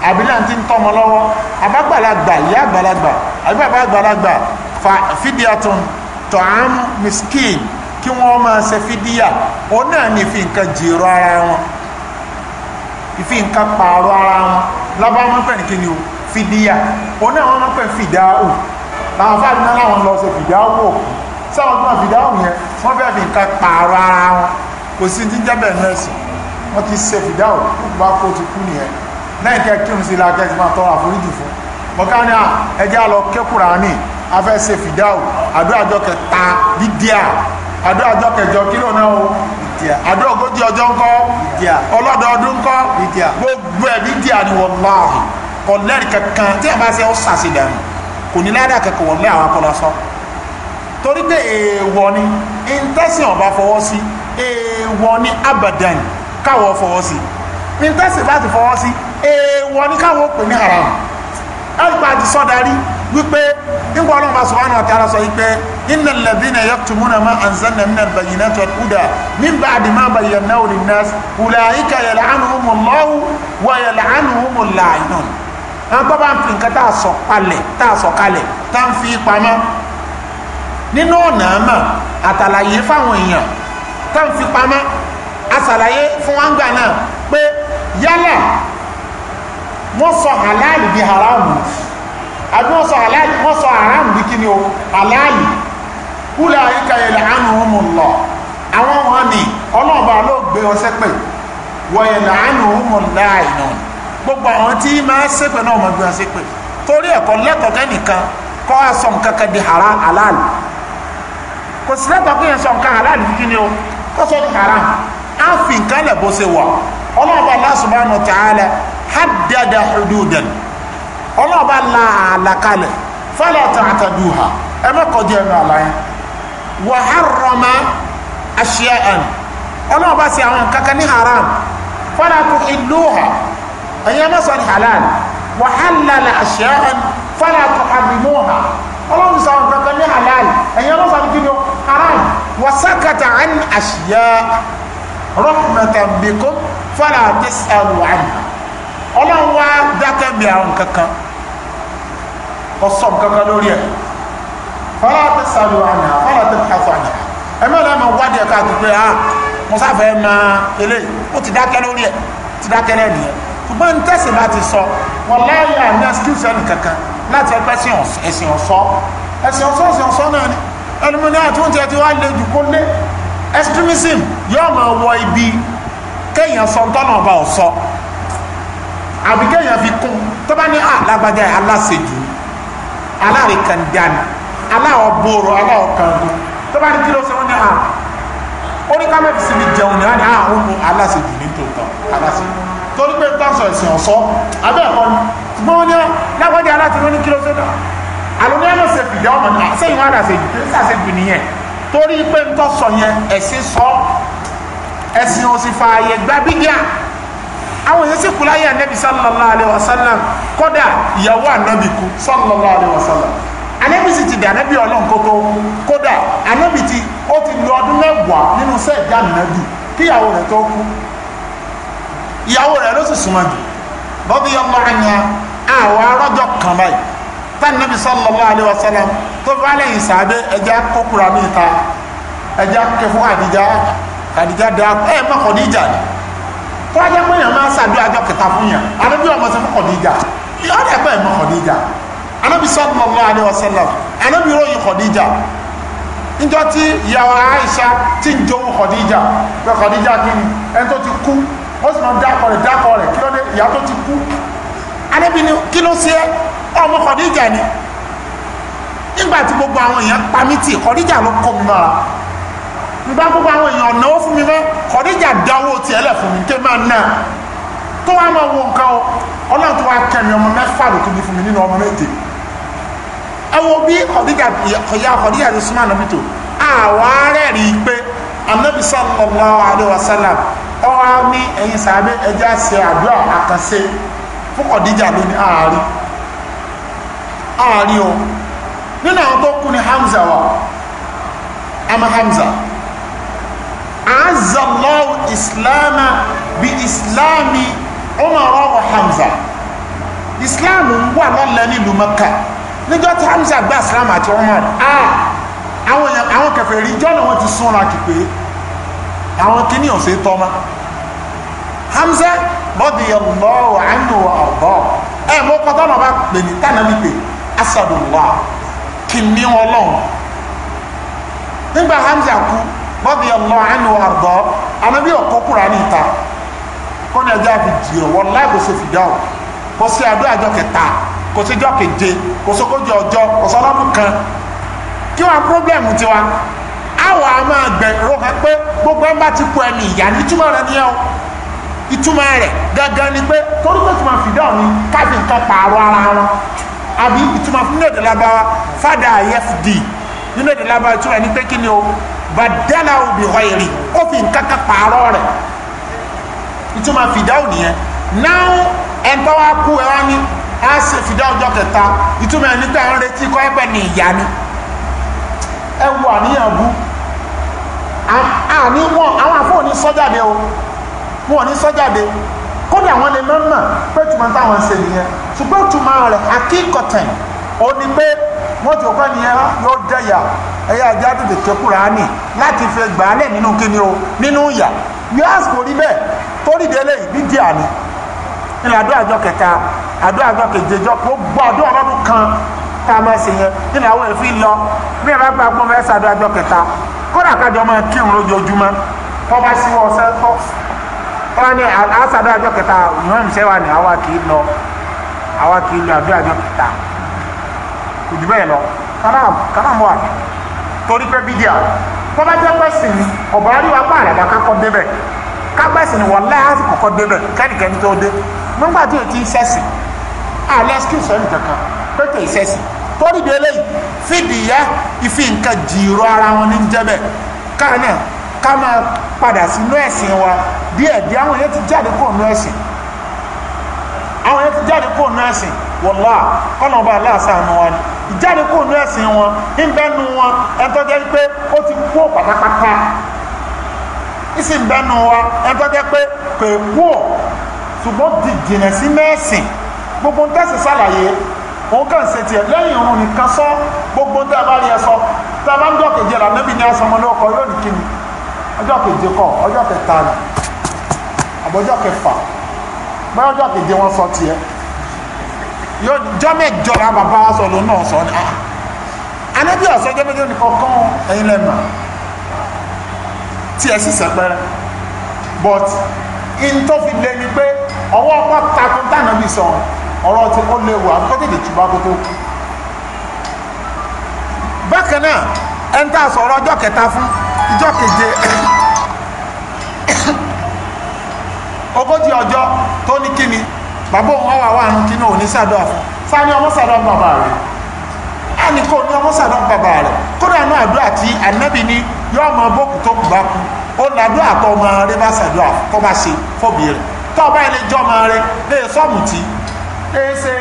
àbílẹ̀ tí ń tọ́mọ lọ́wọ́ àbágbàlagbà ìyá àgbàlagbà àbíbàbá àgbàlagbà fa fídíàtún tọ́ám miskin kí wọ́n máa ṣe fídíà ó náà ní ìfi nǹkan jèrò ara wọn ìfi nǹkan pààrọ̀ ara wọn lábá wọn pẹ̀ ní kí ni o fídíà ó náà wọn pẹ̀ fìdáhù làwọn fáwọn náà láwọn lọ ṣe fìdáhù o sáwọn tó máa fìdáhù yẹn wọ́n fẹ́ fi nǹkan pààrọ̀ ara wọn kò sí ti jẹ́bẹ̀ nọ́ọ̀sì wọ́n ti ṣe fìdáwò kó bá kó ti kú nìyẹn lẹ́yìn kẹ́ kírun sí la kẹ́ ti máa tọrọ àforíjì fún mọ̀ká ní à ẹjẹ́ àlọ́ kékùrà ní afẹ́ ṣe fìdáwò àdúrà jọ kẹta dídíà àdúrà jọ kẹjọ kílò náà o àdúrà ogójì ọjọ́ ńkọ́ ọlọ́dọọdún ńkọ́ gbogbo ẹ̀ dídíà ni wallahi kọ̀lẹ́rì kankan tí a bá ṣe ọ́ sàṣìdànù kò ní ládàá kankan wallahi àwọn akọ́lọ́sọ torí pé èèwọ̀ ni ìntẹ́sìn ọba fọwọ́ sí èèwọ̀ ní abadan káwọ́ fọwọ́ sí ìntẹ́sìn láti fọwọ́ sí èèwọ̀ ní káwọ́ pè ní haram ẹgbà ti sọ́darí wípé nígbà ọlọ́mà subhanahu wa ta'ala sọ wípé innal ladhina yaktumuna ma anzalna minal bayyinati wal huda min ba'di ma bayyanahu linnas ulaika yal'anuhumullahu wa yal'anuhumul la'inun ẹgbọ́ bá ń fi ọ̀nà náà àtàlàyé fáwọn èèyàn tá n fi pamọ́ àṣàlàyé fún wa ń gbà náà pé yálà wọ́n sọ àláàlì bí haramu àbí wọ́n sọ àláàlì wọ́n sọ haramu bí kí ni o àláàlì kúlẹ̀ àyíká yẹlẹ̀ àánú ọmọ lọ àwọn wọn ni ọlọ́ọ̀bà ló gbé wọn sẹ́pẹ̀ wọ́n yẹlẹ̀ àánú ọmọ láàyè gbogbo àwọn tí máa sẹ́pẹ̀ náà ọmọ gbé wọn sẹ́pẹ̀ torí ẹ̀kọ́ lẹ́kọ̀ọ́ kẹ́nìkan kọ́ àsọ di hara àláàlì kò sí lẹ́tọ̀ kí yẹn sọ nǹkan halal kí ni o kó sọ haram á fi nǹkan lẹ̀ bó ṣe wà ọlọ́ọ̀bá Allah subhanahu wa ta'ala haddada hududan ọlọ́ọ̀bá la àlàkalẹ̀ fala ta'taduha ẹ má kọjá ẹnu àlá yẹn wa harrama ashya'an ọlọ́ọ̀bá sí àwọn kankan ní haram fala tuhilluha ẹ̀yẹ́ mọ́sán halal wa halala ashya'an fala tuharrimuha ọlọ́run sọ àwọn kankan ní halal ẹ̀yin ọlọ́run sọ àwọn kí ni ó haram wà sákàtà án àṣìyá rahmatan bikum fara tẹsíàlù àn ọlọ́run wá dákẹ́ bí àwọn kankan ọsọ kankan lórí ẹ̀ fara tẹsíàlù àn fara tẹsíàlù àn ẹ mẹ́rin ẹ̀ máa wádìí ẹ̀ka àti pé ah mo sáfẹ́ máa eléyìí ó ti dákẹ́ lórí ẹ̀ ti dákẹ́ lẹ́nu ẹ̀ ṣùgbọ́n tẹ̀sí láti sọ wọ́n láyé àmì ẹ̀sìkúùsì láti ẹgbẹ́ ẹ̀sìn ọ̀fọ́ ẹ̀sìn ọ̀fọ́ ẹ̀sìn ọ̀fọ́ náà ni ẹnumọ́ ní àtúntò tí ẹ ti wá lè jù kó lé extremism yóò máa wọ ibi kéèyàn sọ tọ́nà ọba ọ̀sọ́ àbí kéèyàn fi kún tó bá ní àlágbájá aláṣejù alárekandani aláwọ̀ bòrò aláwọ̀ kankan tó bá ní kí ló sọ wọn ní à oníkàmẹ́fì sí ni jẹun ní àwọn aláṣejù ní tòótọ́ aláṣejù torí pé tọ́sọ̀ ẹ̀sìn ọ̀sọ́ abẹ́ ẹ̀kọ́ ni mọ́ ní lágbàdì aláti ló ní kí ló tó dá àlùmí ẹ̀mọ̀ ṣe fìdí ọmọ náà sẹ́yìn wà láṣẹ jù ní sàṣẹ jù nìyẹn torí pé ń tọ́ sọ yẹn ẹ̀sìn sọ ẹ̀sìn òsì fààyè gbá bídíà àwọn èèyàn sì kú láyé ànẹ́bí sallallahu alaihi wasallam kódà ìyàwó ànẹ́bí kú sallallahu alaihi wasallam ànẹ́bí sì ti dà ànẹ́bí ọlọ́run kótó kódà ànẹ́bí ti ó ti lo ọdún mẹ́wàá nínú sẹ́ẹ̀dá ànẹ́bí kíyàwó rẹ̀ tó kú ìyàwó rẹ̀ ló sì súnmọ́ jù radiyallahu anha àwọn arọ́jọ kan báyìí tán nabi sallallahu alayhi wa sallam tó bá lẹ́yìn sàbẹ̀ ẹja kókura mi ta ẹja kẹ fún àdìjá àdìjá da ẹ má kọ̀ níjà ni kó ajá pé yàn máa sàdúrà àjọ kẹta fún yàn àdébí ọmọ sọ fún kọ̀ níjà ọdẹ ẹgbẹ́ ẹ̀ má kọ̀ níjà anabi sallallahu alayhi wa sallam anabi ròyìn kọ̀ níjà níjọ́ tí ìyàwó Aisha ti ń kọ̀ níjà pé kọ̀ níjà kí ni ẹni tó ti kú ó sì máa dákọ rẹ̀ dákọ rẹ̀ kí ló dé ìyá tó ti kú anábì ni kí ló ṣe ọmọ kọ̀díjà ni nígbà tí gbogbo àwọn èèyàn pa mí tì kọ̀díjà ló kọ́ mi mọ́ra nígbà gbogbo àwọn èèyàn náwó fún mi mọ́ kọ̀díjà dáwó tiẹ̀ lẹ̀ fún mi ké máa ná tó wá máa wo nǹkan o ọlọ́run tó wá kẹ́mi ọmọ mẹ́fà ló tóbi fún mi nínú ọmọ méje ẹ wo bí kọ̀díjà kọ̀yà kọ̀díjà ló súnmọ́ ànábì tó àwa rẹ̀ rí i pé ànábì sallallahu alaihi wasallam ọwọ́ á ní ẹ̀yin sàbẹ́ ẹjá ṣe àdúrà àkànṣe fún Khadija ló ní ààrí ààrí o nínú àwọn tó kú ni Hamza wà ama Hamza azallahu islama bi islami Umar wa Hamza islam wà lọ́lẹ̀ nílùú Mẹ́kà níjọ́ tí Hamza gba islam àti Umar àwọn kèfèrí jọ́nà wọn ti súnra kìpé àwọn kíní ọ̀sẹ̀ tọ́mọ Hamza radiyallahu anhu wa arda ẹ̀ mọ́ pátá náà bá pè ní tànàmìtè asadullah kìnnì ọlọ́run nígbà Hamza kú radiyallahu anhu wa arda anabi ọkọ Kùránì ìta kọ́ni ẹjọ́ àfi jìrọ̀ wọn láàgò ṣe fìdá o kò sí àdó àjọ kẹta kò sí jọ keje kò sókójì ọjọ́ kò sọ́lọ́mù kan kí wọn problem tiwa àwọn a máa gbẹ̀rọ kan pé gbogbo ẹ̀ bá ti kọ ẹni ìyá nítumọ̀ rẹ̀ ní ẹ̀ ìtumọ̀ rẹ̀ gangan ni pé torí pé tuma fìdá ni káfí nǹkan pààrọ̀ ara wọn àbí ìtumọ̀ fún ní èdè lábáwá fada ifd nínú èdè lábáwá ìtumọ̀ ni pé kí ni o badala obi hoyiri ó fi nǹkan kan pààrọ̀ rẹ̀ ìtumọ̀ fìdá nìyẹn náà ẹ̀ńtọ́ wa kú ẹ wá ní a ṣe fìdá ọjọ́ kẹta ìtumọ̀ ẹni pé à ń retí kọ́ ẹgbẹ́ ni ìyá ni ẹ wo àníyàn bú àní wọn àwọn àfọ òní sọ́jáde o wọn òní sọ́jáde kódà àwọn lè mọ́mọ́ pé tùmọ̀ táwọn ń ṣe nìyẹn ṣùgbọ́n tùmọ̀ rẹ̀ akíkọ̀tàn ó ní pé wọ́n ti ọ̀pẹ́ nìyẹn yóò dẹ̀yà ẹ̀yà ajá dìde kẹkùrà ní láti fi gbà á lẹ̀ nínú kíni o nínú ìyà yóò kò rí bẹ́ẹ̀ torí délé ìdíje àní ìlàdó àjọ kẹta àdó àjọ kejejọ kó gbọ́ àdó ọlọ́dún kan tá a máa ṣe yẹn nínú àwọn èèyàn fi lọ bí ẹ bá gba pọ́n fẹ́ sàdó àjọ kẹta kódà kájọ máa kírun lójoojúmọ́ tó bá sí wọn sẹ́ tọ́ wọn ní àṣàdó àjọ kẹta ìwọ̀n ìṣẹ́ wa ni àwa kì í lọ àwa kì í lọ àdó àjọ kẹta kò jù bẹ́ẹ̀ lọ kálámù wà torí pé bídíà tó bá jẹ́ pẹ́sìn ọ̀bọ̀ àríwá pààrẹ̀ àdàkàkọ́ débẹ̀ kábẹ́sì ni wọ́n láàásì kọ̀kọ́ débẹ̀ kẹ́nìkẹ́ni tó dé nígbà tí o ti ń sẹ́sì àlẹ́ skills ẹ̀mí kankan pété ìsẹ́sì torí bí eléyìí fìdíyà ìfi nǹkan jìrọ ara wọn ní jẹ́bẹ̀ káàná ká máa padà sínú ẹ̀sìn wa díẹ̀ díẹ̀ àwọn yẹn ti jáde kó nú ẹ̀sìn àwọn yẹn ti jáde kó nú ẹ̀sìn wọ̀lá kọ́nà ọba aláàsáàánú wa ni ìjáde kó nú ẹ̀sìn wọn ńbẹ́nu wọn ẹ̀tọ́ jẹ́ pé ó ti kú pátápátá ìsìn bẹ́nu wa ẹ̀tọ́ jẹ́ pé kò kú ọ̀ ṣùgbọ́n ti sí mẹ́ẹ̀sìn gbogbo ń tẹ̀sí sàlàyé òun kàn ṣe tiẹ̀ lẹ́yìn òun nìkan sọ gbogbo tá a bá rí ẹ sọ tá a bá ń jọ kejì ẹ̀rọ níbi ní asọmọ ní ọkọ yóò ní kíni ọjọ́ kejì kọ ọjọ́ kẹta ni àbọ̀jọ́ kẹfà bẹ́ẹ̀ ọjọ́ kejì wọn sọ tiẹ̀ yóò jọ́ mẹ́jọ ra bàbá wa sọ lòun náà sọ ni anábì ah. ọ̀sẹ̀ jọ́ mẹ́jọ nìkan kọ́ ẹ̀yin lẹ́nu tí ẹ sì sẹ́pẹ́rẹ́ but in tó fi lé ni pé ọwọ́ ọpọ́ takuntánà bí sọ̀rọ̀ ọ̀rọ̀ tí ó léwu àkọ́tẹ̀dẹ̀ túbá kó tó bákan náà ẹni tá a sọ̀rọ̀ ọjọ́ kẹta fún ìjọ keje <coughs> ogójì ọjọ́ tó ní kíni bàbá òun ọwà wà nù kí náà ò ní sàdọ̀ àfún sani ọmọ sàdọ̀ bàbá rẹ̀ ẹnì kò ní ọmọ sàdọ̀ bàbá rẹ̀ kódà náà àdúrà tí ànábì ní yóò máa bọ́kù tó kù bá kú ó làdúrà tó ọmọ rẹ̀ bá sàdọ̀ àfún tó bá ṣe fóbi rẹ̀ tó ọba ẹni jọ́ ọmọ rẹ̀ lè sọ́ọ̀mù tí ẹsẹ̀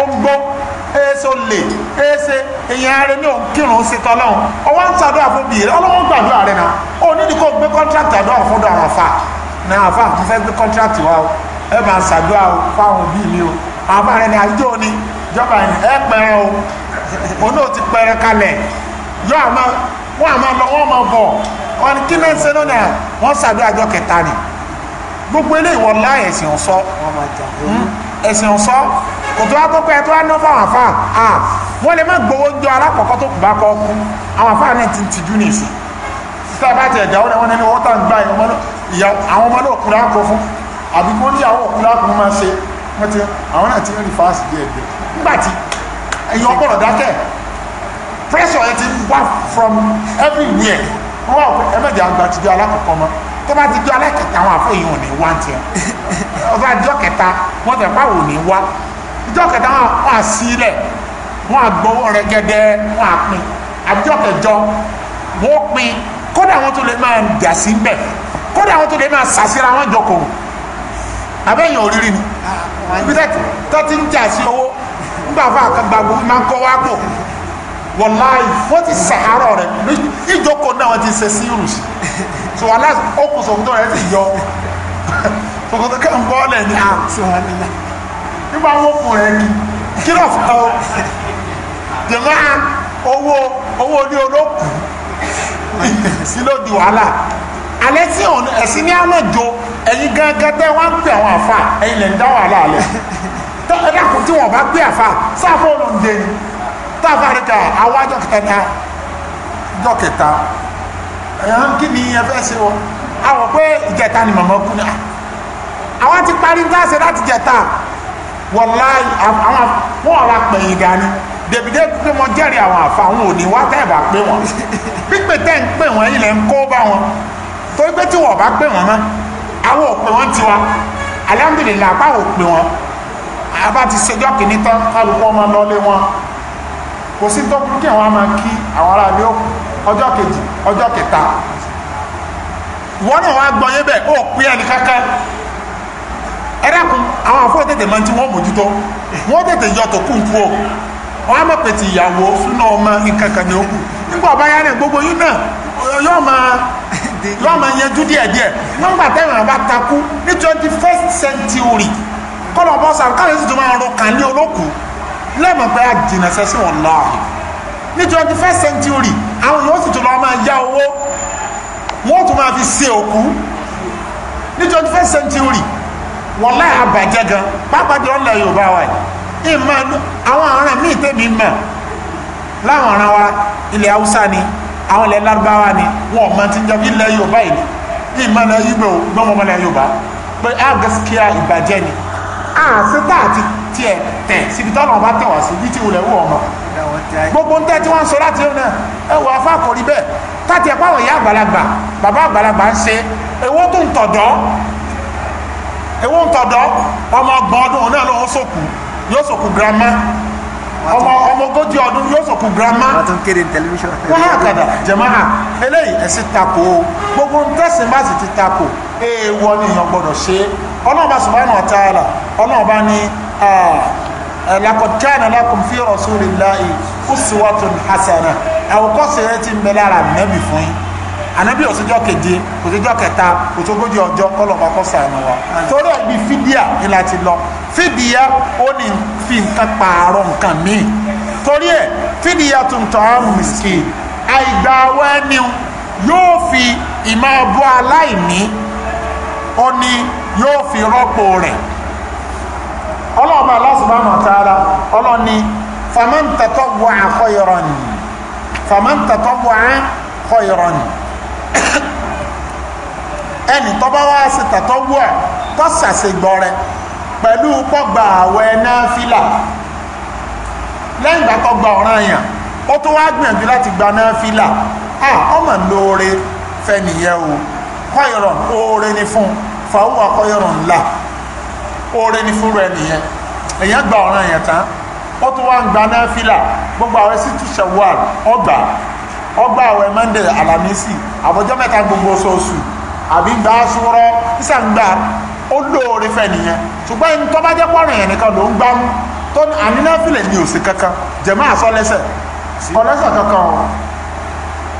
ọgbọ́n ẹsẹ̀ olè ẹsẹ̀ èyàn rẹ ní òun kírun sí tọ́lọ́hún ọwọ́ ń sàdọ́ àfọ́bì rẹ ọlọ́wọ́n gbàdúrà rẹ náà afa na gbe wa o ẹ máa ń sàdúrà o fáwọn mi o àfa ni pẹrẹ o <laughs> ti pẹrẹ kalẹ̀ yọ àmọ́ wọn lọ wọn ma bọ wọn ni náà wọn ni gbogbo eléyìí wọn wọn jà ẹ̀sìn ọ̀sọ́ kò tó wá tó pẹ́ tó wá ná fáwọn àfà à wọ́n lè má gbowó jọ alákọ̀ọ́kọ́ tó kù bá kọ́ kú àwọn àfà náà ti ń tijú ní ìsìn títà bá ti ẹ̀dá wọn ní wọ́n tà ń gbá àwọn ọmọ náà kúrò àkọ́ fún àbí kó ní àwọn òkúrò àkọ́ máa ṣe wọ́n ti àwọn náà ti ń rí fáàsì díẹ̀ díẹ̀ nígbàtí ẹ̀yìn ọgbọ̀rọ̀ dákẹ́ pressure ẹ ti wá from everywhere wọ́n wá ẹ̀mẹ́jẹ̀ àgbà ti di alákọ̀ọ́kọ́ mọ́ tó ti di alẹ́ kẹta àwọn àfọ yìí ò ní wá tiẹ̀ ọba ìjọ kẹta wọ́n tẹ̀ báwo ní wá ìjọ kẹta wọn à sílẹ̀ wọn à gbowó wọn à pin kẹjọ wọn pin kódà wọn tó lè máa dà sí kódà wọn tó lè máa sàṣírà wọn jọkòó àbẹ́yìn òrìrì ni ibi tẹ́tí ń jà owó nígbà fún máa ń kọ́ wá pò wọ̀láì wọ́n ti sàárọ̀ rẹ̀ ìjókòó náà wọ́n ti ṣe sí so alas ó kù sòkòtò rẹ̀ ti yọ sòkòtò kẹ́ ń bọ́ọ̀lẹ̀ ní àtìwánilá ah, nígbà wọ́n kù rẹ̀ kí kí lọ fà ó jẹ̀mọ́ ah, owó owó ní olókù sí ló di wàhálà alẹ́ tí òun ẹ̀sìn ní àlọ́jọ ẹ̀yin gángan tẹ́ wọ́n ń pè àwọn àfà ẹ̀yin lẹ̀ ń dá wàhálà alẹ́ tọ́ ẹ dákun tí wọ́n bá pè àfà sáfọ́ olóńdè ni táfà rẹ̀ kà àwọn kẹta ẹ̀hán kí ni ẹ fẹ́ ṣe o àwọn pé ìjẹta ni màmá kú ni àwọn ti parí ní àṣẹ láti jẹta wọláì àwọn wọn ọ̀rọ̀ apẹ̀yìn dání dèbìdé pé mo jẹ́rìí àwọn àfa àwọn òní wá tẹ́ ẹ̀ bá pé wọn pípé tẹ́ ń pè wọ́n ilẹ̀ ń kó bá wọn torí pé tí wọ́n bá pè wọ́n mọ́ àwọn ò pè wọ́n tiwa alhamdulilayi apá ò pè wọ́n abá ti ṣèjọ́ kìíní tán kálukú ọmọ lọ́lé wọn kò sí tó kí àwọn máa kí àwọn aráàlú òkú ọjọ́ kejì ọjọ́ kẹta wọ́n náà wá gbọ́ yé bẹ́ẹ̀ ó pé ẹni kankan ẹ dákun àwọn àfọ́ tètè máa ti wọ́n mójútó wọ́n tètè yọ tó kún kú o wọ́n á mọ̀ pé ti ìyàwó súná ọmọ nǹkan kan ní ó kù nígbà ọba yára gbogbo yín náà yóò máa yóò máa yanjú díẹ̀díẹ̀ nọ́mbà tẹ́wọ̀n bá takú ní twenty first century kọ́lọ̀ bọ́sà káwọn èsì tó máa rọ kàn ní olókùú lẹ́mọ̀ pé àjìnà sẹ́sìn ọ̀la ní twenty first century àwọn yóò sì tún lọ máa yá owó wọ́n tún máa fi ṣe òkú ní twenty first century wọ́n láì abàjẹ́ gan pápá jọ ńlẹ̀ Yorùbá wa yìí ìmọ̀ àwọn ọ̀ràn míì tẹ̀mí mọ̀ láwọn ọ̀ràn wa ilẹ̀ Haúsá ni àwọn ilẹ̀ Lárúbáwá ni wọn ò mọ ti ń jẹ́ ilẹ̀ Yorùbá yìí ní ìmọ̀ ilẹ̀ Yorùbá ò gbọ́n mọ́ ilẹ̀ Yorùbá pé àgẹ́sìkíà ìbàjẹ́ ni àṣetá àti tiẹ̀ tẹ̀ síbi tọ́lọ̀ bá tẹ̀ sí bí tí wọlé wọ̀ ọmọ gbogbo ń tẹ́ tí wọ́n ń sọ láti yóò náà ẹ wọ afá kò rí bẹ́ẹ̀ táti ẹ̀pá àwọn ìyá àgbàlagbà bàbá àgbàlagbà ń ṣe èwo tó ń tọ̀dọ́ èwo ń tọ̀dọ́ ọmọ ọgbọ̀n ọdún òun náà ló ń sòkù yóò sòkù girama ọmọ ọmọ ogójì ọdún yóò sòkù girama wọ́n tún kéde tẹlifíṣàn wọ́n hà kàdà jẹ̀máà eléyìí ẹ̀sìn tako gbogbo ń tẹ̀sìn bá sì ti tako èèwọ̀ ni èèyàn gbọ́dọ̀ ṣe ọlọ́ọ̀bá subhanahu wa ta'ala ọlọ́ọ̀bá ni Eh, laqad kana lakum fi rasulillahi uswatun hasana àwòkọ́sẹ̀ rẹ ti ń bẹ lára ànábì fún yín ànábì òsèjọ́ keje òsèjọ́ kẹta òsogójì ọjọ́ kọlọ̀mọ́ kọ́sẹ̀ àná wa torí ẹ̀gbin fídíà ni láti lọ fídíà ó ní fi nǹkan pààrọ̀ nǹkan míì torí ẹ̀ fídíà tó ń tọ́ àrùn miskin àìgbà awọ́ ẹni yóò fi ìmọ̀ ẹ̀bọ́ aláìní ó ní yóò fi rọ́pò rẹ̀ ọlọ́ọ̀bá Allah subhanahu wa ta'ala ọlọ́ni faman tatawwa'a khayran faman tatawwa'a khayran ẹni tọ́ba wá sí tatawwa tọ́sàṣègbọ́ rẹ pẹ̀lú pọ́gbà àwẹ̀ náfìlà lẹ́yìn ìgbà tọ́gbà ọ̀ràn yàn ó tó wá gbìyànjú láti gba náfìlà ọmọ lóore fẹ́ nìyẹn o khayran oore ni fún fàáwà khayran ńlá oore ni fúnra ẹnìyẹn èyàn gba ọ̀ràn èyàn tán ó tún wá ń gba náfìlà gbogbo àwẹ̀ sí tu Shawwal ọgbà ọgbà àwẹ̀ Monday Alámísì àbọ̀jọ́ mẹ́ta gbogbo oṣooṣù àbí gba aṣọrọ sísàǹgbà ó lóore fẹ́ nìyẹn ṣùgbọ́n ẹni tó bá jẹ́ pọ́nrán yẹn nìkan ló ń gbá mú tó ní àní náfìlà ni ò sí kankan jẹ̀mọ́ àsọlẹ́sẹ̀ kọ̀lẹ́sẹ̀ kankan o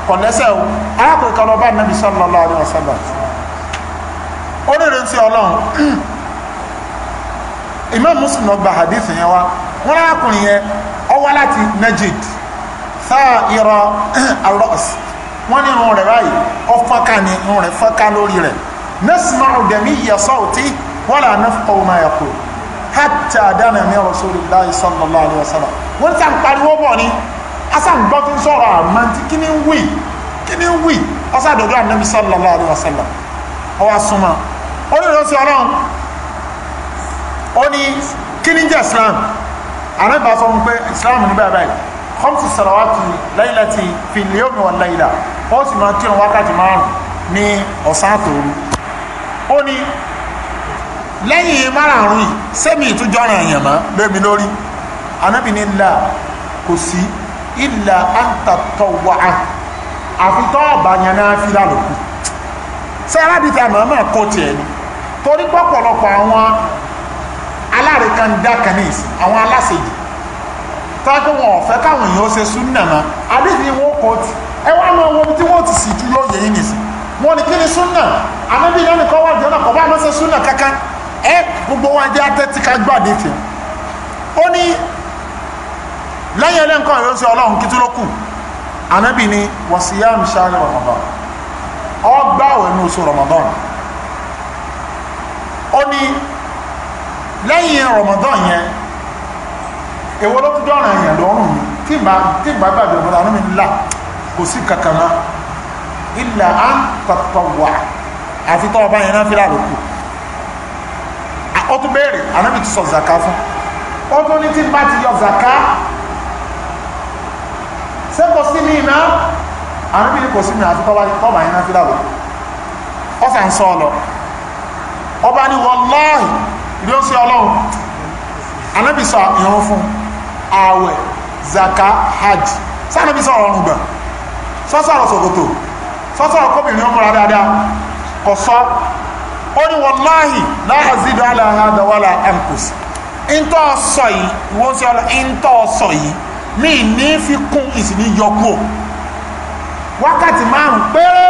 kọ̀lẹ́sẹ̀ o arákùnrin kan lọ bá Nabi sallallahu alaihi wasallam ó rèrè ń ti Ọlọ́run imam muslim ló gba hadith yẹn wa wọn arákùnrin yẹn ó wá láti najid sáà irọ arọ́s wọn ní irun rẹ̀ báyìí ó fọ́nká ní irun rẹ̀ fọ́nká lórí rẹ̀ nasma'u damiyya sawtihi wala nafqahu ma yaqul hatta dana min rasulillahi sallallahu alaihi wasallam wọ́n sàn pariwo bọ̀ ni asàgbọ́ tí ń sọ̀rọ̀ àmọ́ tí kí ni ń wì kí ni ń wì ọsàdọ̀dọ̀ ànábi sallallahu alaihi wasallam ọwọ́ asúnmọ́ ó ní ìrọsí ọlọ́run ó ní kí ní jẹ́ islam àrẹ́bà sọ pé islam ní bẹ́ẹ̀ báyìí khamsu salawati laylati fil yawmi wal layla ó sì máa kírun wákàtí márùn ní ọ̀sán àtòru ó ní lẹ́yìn márààrún yìí sẹ́mi ìtújọ́ràn èèyàn mọ́ lẹ́mi lórí anábì ní là kò sí ìlà àǹtàtọ̀ wàá àfitọ́ ọ̀bàyàn náà fi lálòkù sẹ́rábìtì àmọ́ mọ́ kó tiẹ̀ ni torí pọ̀pọ̀lọpọ̀ àwọn alárekanda kanis àwọn aláṣejì tákó wọn ọ̀fẹ́ káwọn èèyàn ṣe súnà mọ́ àbífi wọn kọ́ ti ẹ wá máa wọ tí wọ́n ti sì ju yọ yẹ̀yìn nìsí wọn ni kí ni súnà àmọ́bí ìyọ́nì kan wà jọ́nà kọ̀ bá máa ṣe súnà kankan ẹ gbogbo wọn jẹ́ atẹ́tí ká gbàdé fi ó ní lẹ́yìn ẹlẹ́nkan ìró sí ọlọ́run kí tó ló kù ànábì ni wàsíyàm ṣáàrẹ̀ Ramadan ọgbà ẹ̀nu oṣù Ramadan ó ní lẹ́yìn Ramadan yẹn èwo ló tún dọ́ràn èèyàn lọ́rùn mi tí ìgbà tí ìgbà gbàgbé ọmọdé àánú mi là kò sí kankan mọ́ ilà á ń tọ̀tọ̀ wà àfi tọ́ ọba yẹn náà fi láàrú kù ó tún béèrè ànábì ti sọ zaka fún ó tún ní tí bá ti yọ zaka ṣé sí mi iná ànábì ni kò sí mi àfi tọ́ ọba yẹn náà fi láàrú kù ọ̀sán sọ ọ lọ ọba ni wallahi ìdí ó sí ọlọ́run anábìsà ìran fún ààwẹ̀ zaka hajj sánàbìsà ọ̀run gbà sọ́sọ̀rọ̀ sọ̀kòtò sọ́sọ̀rọ̀ kóbìnrin ọmọ dáadáa kò sọ ó ní wallahi la azidu ala hada wala anqus ìntọ́ sọ yìí ìwọ́n sí ọlọ́ ìntọ́ sọ yìí mi ní fi kún ìsìn ní yọkú wákàtí márùn péré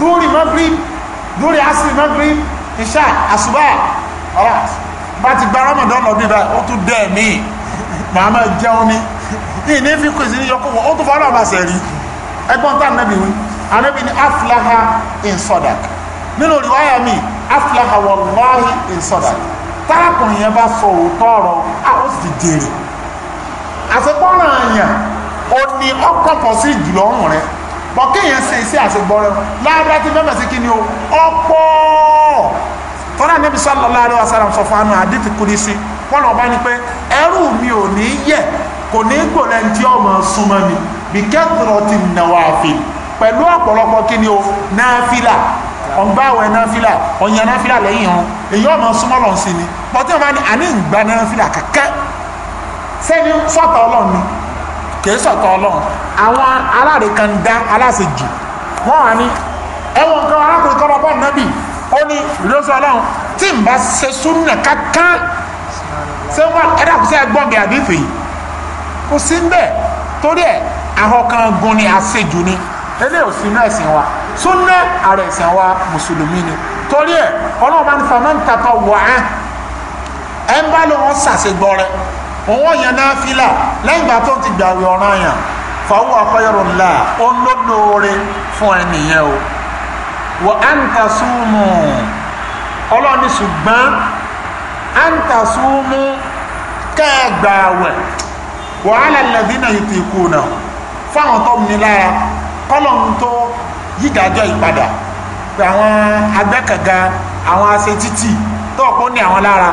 dúrì magrib dúrì asiri magrib ìṣá àsùbá ọ̀rọ̀ bá ti gba Ramadan lọ bí báyìí ó tún dẹ́ mi màá máa jẹun ni ìní fi kò sí ní yọkọ̀ wọ́n ó tún fọ́lọ́ ọ̀bà sẹ̀rí ẹgbọ́n tá ànábì wí ànábì ní aflaha in sodak nínú riwaya mi aflaha wallahi in sodak tárakùnrin yẹn bá sọ òótọ́ ọ̀rọ̀ a ó sì jèrè àsepọ́nrán àyàn ò ní ọkàn pọ̀ sí jùlọ ọ̀rùn rẹ̀ bọ́kẹ́yẹn ṣe iṣẹ́ àṣegbọ́rẹ́ láàbá tí fẹ́mẹ̀ sí kí ni o ọ̀pọ̀ tọ́lá níbi sallallahu alaihi wasallam sọ fanu hadith kudusi wọn lọ bá ní pé ẹrú mi ò ní yẹ kò ní gbòlẹ̀ tí ọmọ súnmọ́ mi bí kẹ́kọ̀ọ́ ti nawafil pẹ̀lú ọ̀pọ̀lọpọ̀ kí ni o náfìlà ọ̀gbáwẹ̀ náfìlà ọ̀yàn náfìlà lẹ́yìn hàn èyí ọmọ súnmọ́ lọ sí ni pọ̀tí ọmọ ni àní ìgbà náfìlà kẹ́kẹ́ sẹ́ni sọ̀tọ̀ ọlọ́run ni kì í sọ̀tọ̀ ọlọ́run àwọn aláàrẹ̀ kan dá aláṣejù wọ́n wà ní ẹ̀wọ̀n kan arákùnrin kọ́ ní lọ́sọ̀ ọlọ́run tí n bá ṣe súnà kankan ṣé wọn ẹ̀dá kò sí ẹgbọ́n mi àbí fèyí kò sí ń bẹ̀ torí ẹ̀ àwọn kan gun ni àṣejù ni eléyìí ò sí inú ẹ̀sìn wa súnà ààrẹ ẹ̀sìn wa mùsùlùmí ni torí ẹ̀ ọlọ́run bá ní fama ń tatọ̀ wọ̀ ẹ́ ẹ̀ ń bá lóun ṣàṣegbọ́ rẹ̀ òun yẹn náà fílà lẹ́yìn ìgbà tó ti gbàwé ọ̀ràn yẹn fàwọn akọ́yọ̀rọ̀ ńlá ó ń lóore wa anta sumu ọlọ́ni ṣùgbọ́n anta sumu kẹ́ẹ̀gbàwẹ̀ wa ala alladhina yutiquna fáwọn tó ní lára kọ́lọ̀ ń tó yídájọ́ ìpadà pé àwọn agbẹ́kẹ̀ga àwọn aṣetítì tọ́ọ̀pọ̀ ní àwọn lára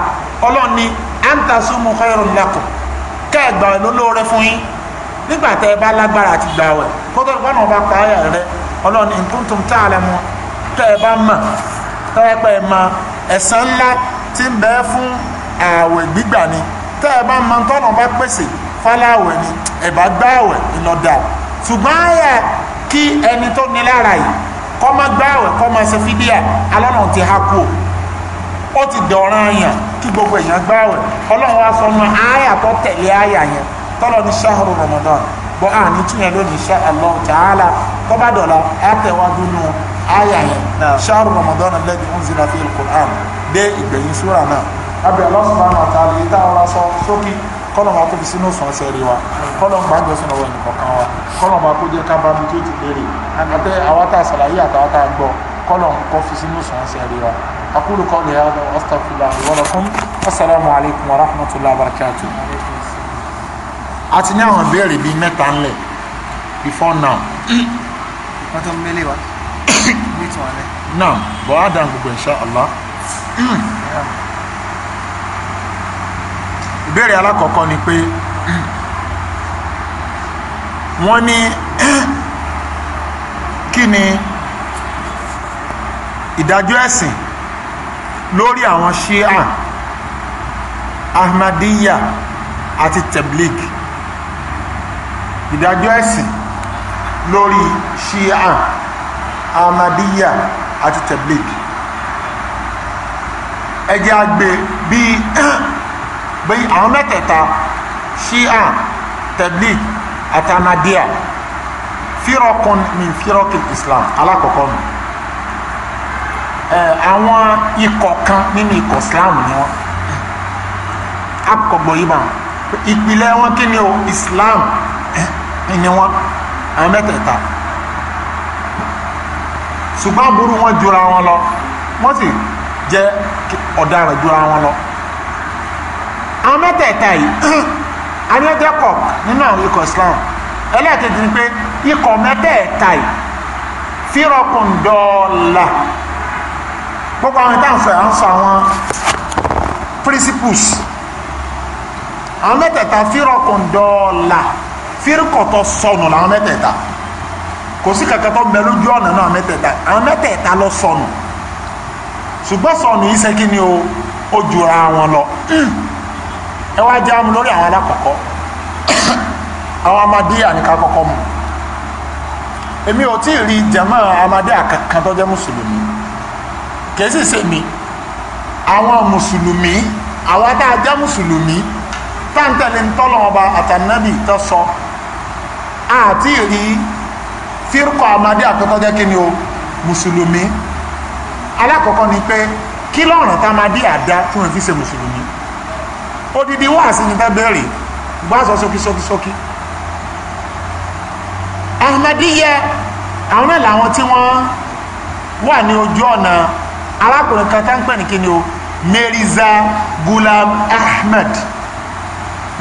ọlọ́ni anta sumu khairun lakum kẹ́ẹ̀gbàwẹ̀ ló lóore fún yín nígbà bá lágbára àti gbàwẹ̀ kótó ìpọ́nà ọba pààyà rẹ ọlọ́ni in kuntum ta'lamun tẹ́ ẹ bá mà tẹ́ ẹ pẹ́ ma ẹ̀san ńlá tí ń bẹ fún ààwẹ̀ gbígbà ni tẹ́ ẹ bá ma tọ́nà bá pèsè fáláwẹ̀ ni ẹ bá gbáwẹ̀ ìlọ́dà ṣùgbọ́n àyà kí ẹni tó ní lára yìí kọ́ máa gbáwẹ̀ kọ́ máa ṣe fídíà alọ́nà ti há kú ó ti dọ̀ràn àyàn kí gbogbo èèyàn gbáwẹ̀ ọlọ́run wa sọ ọmọ àyà tó tẹ̀lé àyà yẹn tọ́lọ ní ṣáhùrù Ramadan bọ́ àní túnyẹ̀ lónìí insha Allah ta'ala kọ́ bá dọ̀la àtẹ̀wájú nù àyà yẹn ṣáàrù ramadan alladhi unzila fi al-Qur'an dé ìgbẹ̀yìn súra náà abẹ́ Allah subhanahu wa ta'ala yìí táwọn aṣọ sókè kọ́nà máa kó fi sínú sàn sẹ́rí wa kọ́nà máa jọ sínú ọ̀rọ̀ nìkọ̀kan wa kọ́nà máa kó jẹ́ ká bá mi tó ti léèrè àgbàtẹ́ àwọn tá a ṣàlàyé àtàwọn tá a gbọ́ kọ́nà kó fi sínú sàn sẹ́rí wa أقول قولي هذا وأستغفر الله ولكم والسلام عليكم ورحمة الله وبركاته àti ní àwọn ìbéèrè bíi mẹ́ta ńlẹ̀ before now. wọ́n tó ń <coughs> naam bọ̀ á dàn gbogbo insha Allah. ìbéèrè alákọ̀ọ́kọ́ ni pé wọ́n ní kí ni ìdájọ́ ẹ̀sìn lórí àwọn shia ahmadiyya àti tabligh ìdájọ́ ẹ̀sìn lórí shia ahmadiyya àti tabligh ẹjẹ́ agbè bíi bíi àwọn mẹ́tẹ̀ẹ̀ta shia tabligh àti ahmadiyya fírọkùn min fírọkì islam alákọ̀ọ́kọ́ mi àwọn ikọ̀ kan nínú ikọ̀ islam ni wọ́n akọ̀gbọ̀ yìí bá ìpìlẹ̀ wọn kí ni o islam ni wọ́n àwọn mẹ́tẹ̀ẹ̀ta ṣùgbọ́n burú wọn jura wọn lọ wọ́n sì jẹ́ ọ̀daràn jura wọn lọ àwọn mẹ́tẹ̀ẹ̀ta yìí aníyànjẹ́ <clears throat> kọ̀ nínú àwọn ikọ̀ Islam ẹlẹ́ẹ̀kejì ni pé ikọ̀ mẹ́tẹ̀ẹ̀ta yìí fírọ̀kùn dọ́ọ̀là gbogbo àwọn ìtànfẹ́ à ń sọ àwọn principles àwọn mẹ́tẹ̀ẹ̀ta fírọ̀kùn dọ́ọ̀là fírkọ̀tọ̀ sọnù làwọn mẹ́tẹ̀ẹ̀ta kò sí kankan tó ń bẹ lójú ọ̀nà náà mẹ́tẹ̀ẹ̀ta àwọn mẹ́tẹ̀ẹ̀ta lọ sọnù ṣùgbọ́n sọnù yìí ṣe ni o ó jura wọn lọ ẹ wá jẹ́ àmú lórí àwọn alákọ̀ọ́kọ́ àwọn amadíyà ní ká kọ́kọ́ mu èmi ò tí ì rí jàmá amadíyà kankan tó jẹ́ mùsùlùmí kìí ṣe mi àwọn mùsùlùmí àwọn tá a jẹ́ mùsùlùmí táǹtẹ̀lé ń tọ́lọ́ ọba àtànábì tó sọ àti ìrí fírkọ̀ àmàdí àpẹ́kọ́jẹ́ kí ni o mùsùlùmí alákọ̀ọ́kọ́ ni pé kí lọ́rùn tá máa dí àdá tí wọ́n fi ṣe mùsùlùmí odidi wà sí ní tábẹ́rẹ̀ gbáàsọ sókí sókí sókí ahmadiyya àwọn náà làwọn tí wọ́n wà ní ojú ọ̀nà arákùnrin kan tá ń pè ní kí ni o meriza gulam ahmed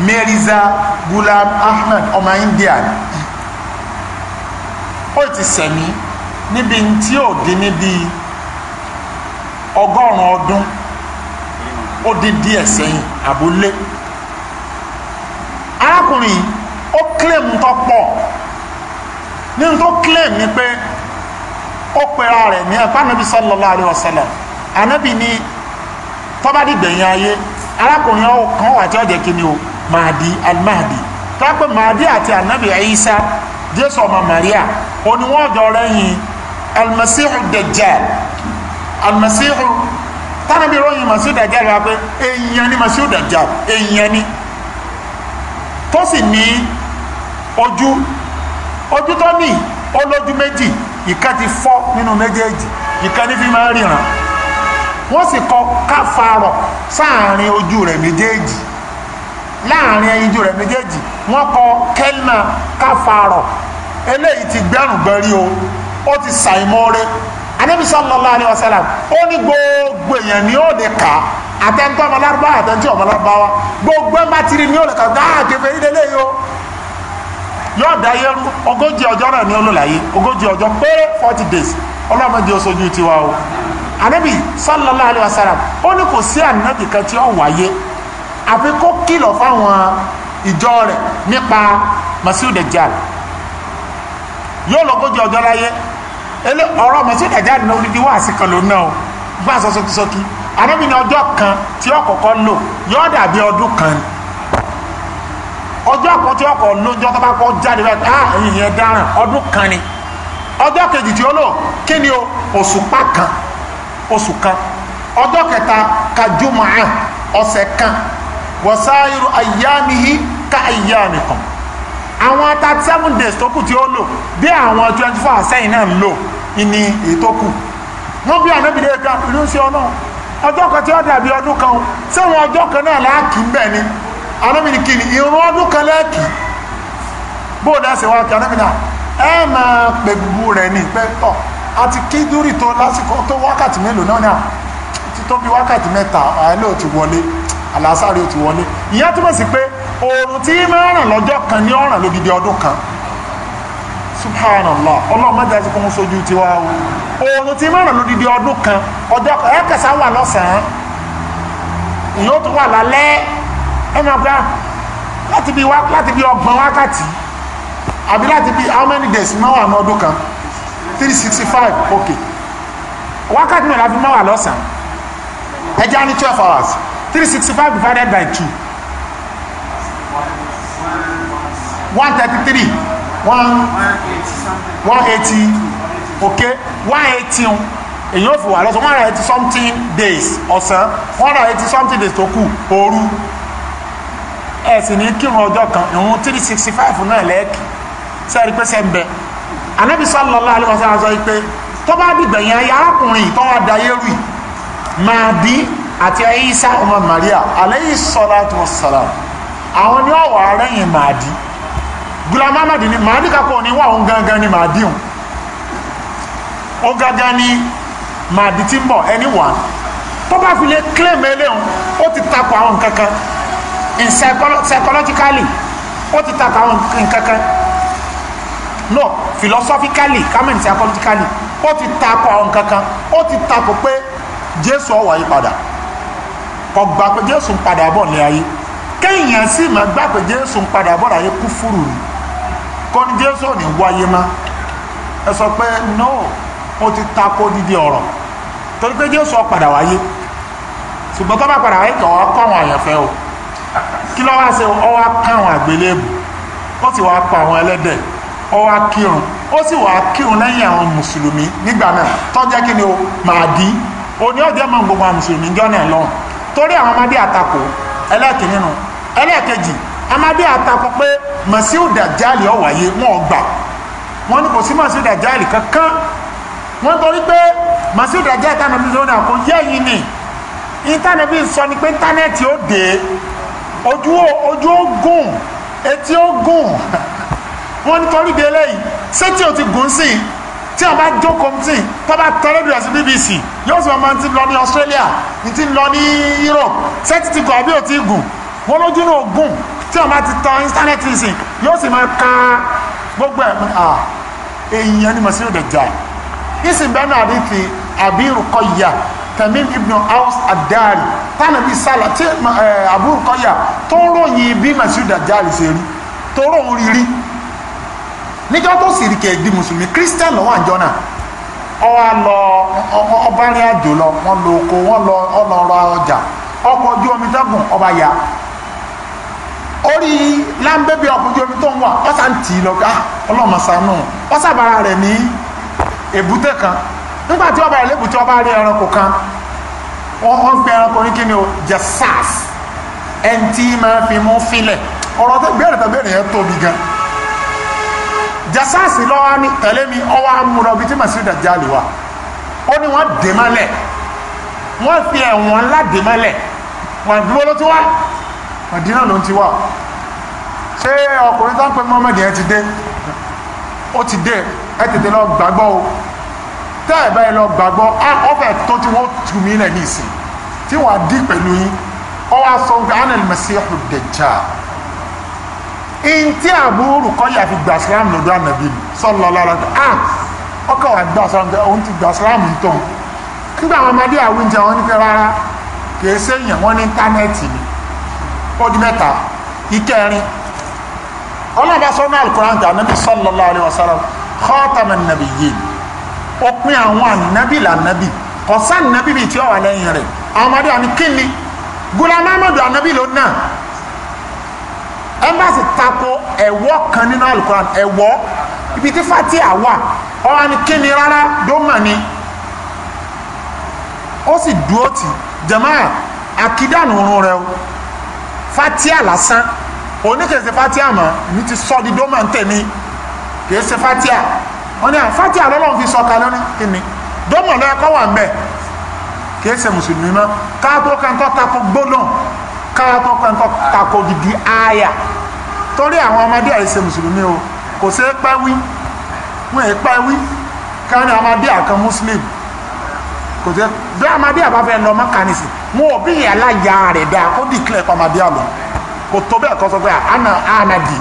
meriza gulam ahmed ọmọ india ni ó ti sẹ̀mí níbi tí ò dín níbi ọgọ́rùn-ún ọdún ó dín díẹ̀ sẹ́yìn àbúlé arákùnrin ó claim tó pọ̀ nínú tó claim ni pé ó pera rẹ̀ ní ẹ̀fọ́ anábì sallallahu alaihi wasallam anábì ni tọ́ba dìgbẹ̀yìn ayé arákùnrin kan wà tí ó jẹ́ kí ni o mahdi al-mahdi tọ́pẹ́ mahdi àti anábì Isa jésù ọmọ Maria òní wọ́n dọ̀rẹ́ yìí almasihu dajjal almasihu tánàbí ròyìn masihu dajjal wá pé èèyàn ni masihu dajjal èèyàn ni tó sì ní ojú ojú tó ní ó lójú méjì ìkan ti fọ́ nínú méjèèjì ìkan ní fi máa ríran wọ́n sì kọ káfàárọ̀ sáàrin ojú rẹ̀ méjèèjì láàrin ojú rẹ̀ méjèèjì wọ́n kọ kẹ́lìmà káfàárọ̀ eléyìí ti gbẹ́rùn gbẹ́rí o ó ti ṣàìmọ́re Ànábì sallallahu alaihi wasallam ó ní gbogbo èèyàn ni ó lè kà àtẹ́ntọ́ ọmọlárúbá àtẹ́ntí ọmọlárúbáwá gbogbo ẹ̀ bátìrì ni ó lè kà gáàkẹ́fẹ́ ilé yìí o yóò dá yẹ ogójì ọjọ́ náà ní olóòláyé ogójì ọjọ́ péré forty days ọlọ́mọdé oṣooju tiwa o Ànábì sallallahu alaihi wasallam ó ní kò sí ànábì kan tí ó wáyé àfi kó kìlọ̀ fáwọn ìjọ rẹ̀ nípa Masiu Dajjal yóò lọ́gọ́jì ọjọ́ láyé ọ̀rọ̀ mẹ́sí ẹ̀jáde náà onídìí wàásì kan ló náà gbà sọ sókísókí anábìíní ọjọ́ kan tí ó kọ́kọ́ lò yóò dàbí ọdún kan ni ọjọ́ kan tí ó kọ́ lójọ́ tó bá kọ́ jáde bẹ́ẹ̀ á ìyẹn dáràn ọdún kan ni ọjọ́ kejì tí ó lò kí ni o òṣùpá kan oṣù kan ọjọ́ kẹta kajúmọ̀ ọ̀sẹ̀ kan wọ̀sáírù àyámihi ká àyámi kan àwọn thirty seven days tó kù tí ó lò dé àwọn twenty four sẹ́yìn náà ń lò ní ètò kù wọ́n bí àná ìbílẹ̀ kan ìlú sí ọ náà ọjọ́ kan tí ó dàbí ọdún kan sẹ́wọ̀n ọjọ́ kan náà láàkì ń bẹ̀ ni anábìnrin kìíní ìrún ọdún kan lẹ́ẹ̀kì bóòdà ṣe wá kí anábìnrin ẹ máa pè gbogbo rẹ̀ ní pé tọ̀ àti kí dúrì tó lásìkò tó wákàtí mélòó náà náà ti tó bí wákàtí mẹ́ta àìlè ò ti wọlé àlàásáre ò ti wọlé ìyẹn túmọ̀ sí pé oòrùn tí máa ràn lọ́jọ́ kan ní ọ̀ràn lódidi ọdún kan subhanallah ọlọ́run mẹ́ta ti kún sójú tiwa o oòrùn tí máa ràn lódidi ọdún kan ọjọ́ ẹ̀kẹsà wà lọ́sàn-án yóò tún wà lálẹ́ ẹ máa gbá láti bí ọgbọ̀n wákàtí àbí láti bí how many days máa wà ní ọdún kan 365 ok wákàtí mẹ́rin láti máa wà lọ́sàn-án ẹja ní 12 hours 365 divided by 2 133 180 ok 180 èyí ò fi wà lọ́sọ̀ 180 something days ọ̀sán 180 something days tó kù òru ẹ sì ní kírun ọjọ́ kan ìrun 365 náà lẹ́ẹ̀kì sẹ́ẹ̀rí pé sẹ́ ń bẹ anábì sallallahu alaihi wasallam sọ pé tó bá dìgbẹ̀yìn ayé arákùnrin tó wá dayé rì máa bí àti Isa ọmọ Maria alayhi salatu wassalam àwọn ni ọ̀wọ̀ arẹ́yìn máa dìí Gula Ahmad ni Mahdi kakọ ni wà òun gangan ni Mahdi òun ó gangan ni Mahdi tí ń bọ̀ ẹni wà tó bá fi lè claim eléhùn ó ti takò àwọn nǹkan in psychologically ó ti takò àwọn nǹkan no philosophically comment psychologically ó ti takò àwọn nǹkan kan ó ti takò pé Jésù ó wáyé padà kò gbà pé Jésù ń padà bọ̀ ní ayé kéèyàn sì máa gbà pé Jésù ń padà bọ̀ láyé kúfúrú ni congregation ní wáyé má ẹ sọ pé no ó ti takò dídí ọ̀rọ̀ torí pé jésù ọ̀padà wáyé ṣùgbọ́n tó bá padà wáyé kàn wá kọ́ àwọn àyànfẹ́ o kí ló wá ṣe ọ wá ká àwọn àgbélébù ó sì wá pa àwọn ẹlẹ́dẹ̀ ọ wá kírun ó sì wá kírun lẹ́yìn àwọn mùsùlùmí nígbà náà tó jẹ́ kí ni o màdí òní ọ̀jẹ̀ mọ̀ gbogbo àwọn mùsùlùmí jọ́nà lọ́hùn torí àwọn ọmọdé àtakò ẹlẹ́ẹ̀kì nínú ẹlẹ́ẹ̀kejì amadé àtakùn pé màsíù dàjálì ọ̀wáyé wọn ò gbà wọn ní kò sí màsíù dàjálì kankan wọn torí pé màsíù dàjálì tánàbí lónìí àkọ́ yẹ́yìn ni intanẹ́bí sọ ni pé íńtánẹ́ẹ̀tì ó dé ojú ó gùn etí ó gùn wọn nítorí de eléyìí ṣé tí o ti gùn sí i tí a bá jókòó tí tó bá tẹ́lẹ̀ dùn sí BBC yóò sì máa ti lọ ní Australia ti lọ ní Europe ṣé ti ti gùn àbí o ti gùn wọn lójú náà gùn tí wọ́n bá ti tan internet ìsìn yóò sì máa ka gbogbo ẹ̀ ah èèyàn ni masiru dajjal ìsìn bẹ́ẹ̀ náà rí ti àbí Ruqayya Tamim ibn Aus ad-Dari tánà bíi sálà tí eh, Abu Ruqayya tó ń ròyìn bí masiru dajjal ṣe rí tó ròhun rírí níjọ́ tó sì rí kẹ́ẹ̀dì mùsùlùmí Christian lọ́wọ́ àjọ náà ọwọ́ lọ ọba rìn àjò lọ wọ́n lo oko wọ́n lọ ọlọ́rọ̀ ọjà ọkọ̀ ojú omi tẹ́gùn ọba yà orí láńbẹ́bí ọkùnrin omi tó ń wà ọ́sà ń tì í lọ ká ọlọ́mọsánú ọ́sà bára rẹ̀ ní èbúté kan nígbà tí ọba rẹ̀ lébùté ọba rí ẹranko kan wọ́n ń pe ẹranko ní kíni o jẹ́sàs ẹni tí máa fi mú filẹ̀ ọ̀rọ̀ tó bẹ̀rẹ̀ tó bẹ̀rẹ̀ yẹn tóbi gan jẹ́sàs lọ́wọ́ ní tẹ̀lé mi ọwọ́ amúra ibi tí màsí dàjálì wà ó ní wọ́n dè mọ́lẹ̀ wọ́n fi ẹ̀wọ̀n ńlá dè mọ́lẹ̀ wọ́n dúró ló ti wá Madina ló ti wà ṣé ọkùnrin táǹpẹ́ Muhammad yẹn ti dé ó ti dé ẹ tètè lọ gbàgbọ́ o tẹ́ ẹ̀ báyìí lọ gbàgbọ́ ọ̀fẹ́ tó ti wọ́n tù mí lẹ̀ ní ìsìn tí wàá dí pẹ̀lú yín ọ wá sọ pé anel Masihu Dajjal in tí àbúrò kọ́yà fi gbà Islam lọ́dọ̀ ànàbí sallallahu alaihi wasallam ọkọ̀ wà gbà Islam òun ti gbà Islam tán nígbà àwọn ọmọdé àwùjọ wọn ní pẹ́ rárá kì í ṣèyàn wọn ní íńtánẹ́ẹ̀tì ni ọdún mẹ́ta ìkẹrin ọlọ́ba sọ́nà alukuran tà nàbí sallallahu alaihi wasallam khataman nabiyyin òpin àwọn ànábì lànábì kọ̀sán nàbí bíi tí ó wà lẹ́yìn rẹ̀ àwọn ọmọdé àmì kíni gula mamadu ànábì ló náà ẹmbàsì tako ẹ̀wọ́ kan nínú alukuran ẹ̀wọ́ ibi tí fatia wà ọwọ́ àmì kíni rárá dómà ni ó sì dúró tì jẹ̀máà àkídànù òun o fatia lásán oníkèsè fatia mọ̀ ní ti sọ di dómà ń tẹ̀mí kìí ṣe fatia wọ́n ní à fatia lọ́lọ́run fi sọ kalẹ́ ní kíni dómà lọ́yẹ kọ́ wà ń bẹ̀ kìí ṣe mùsùlùmí mọ́ káàtó kẹ́ńtọ́ tako gbóná káàtó kẹ́ńtọ́ tako gidi àyà torí àwọn ọmọdé àìṣe mùsùlùmí o kò ṣe é pẹ́ wí wọ́n è pẹ́ wí káwọn ọmọdé àkan muslim kò tẹ́ bí amadé àbá fẹ́ lọ mọ́kànísì mo ò bí aláya rẹ̀ dá kó dìklẹ̀ pa amadé àlọ́ kò tó bẹ́ẹ̀ kọ́ sọ pé àna ànàdì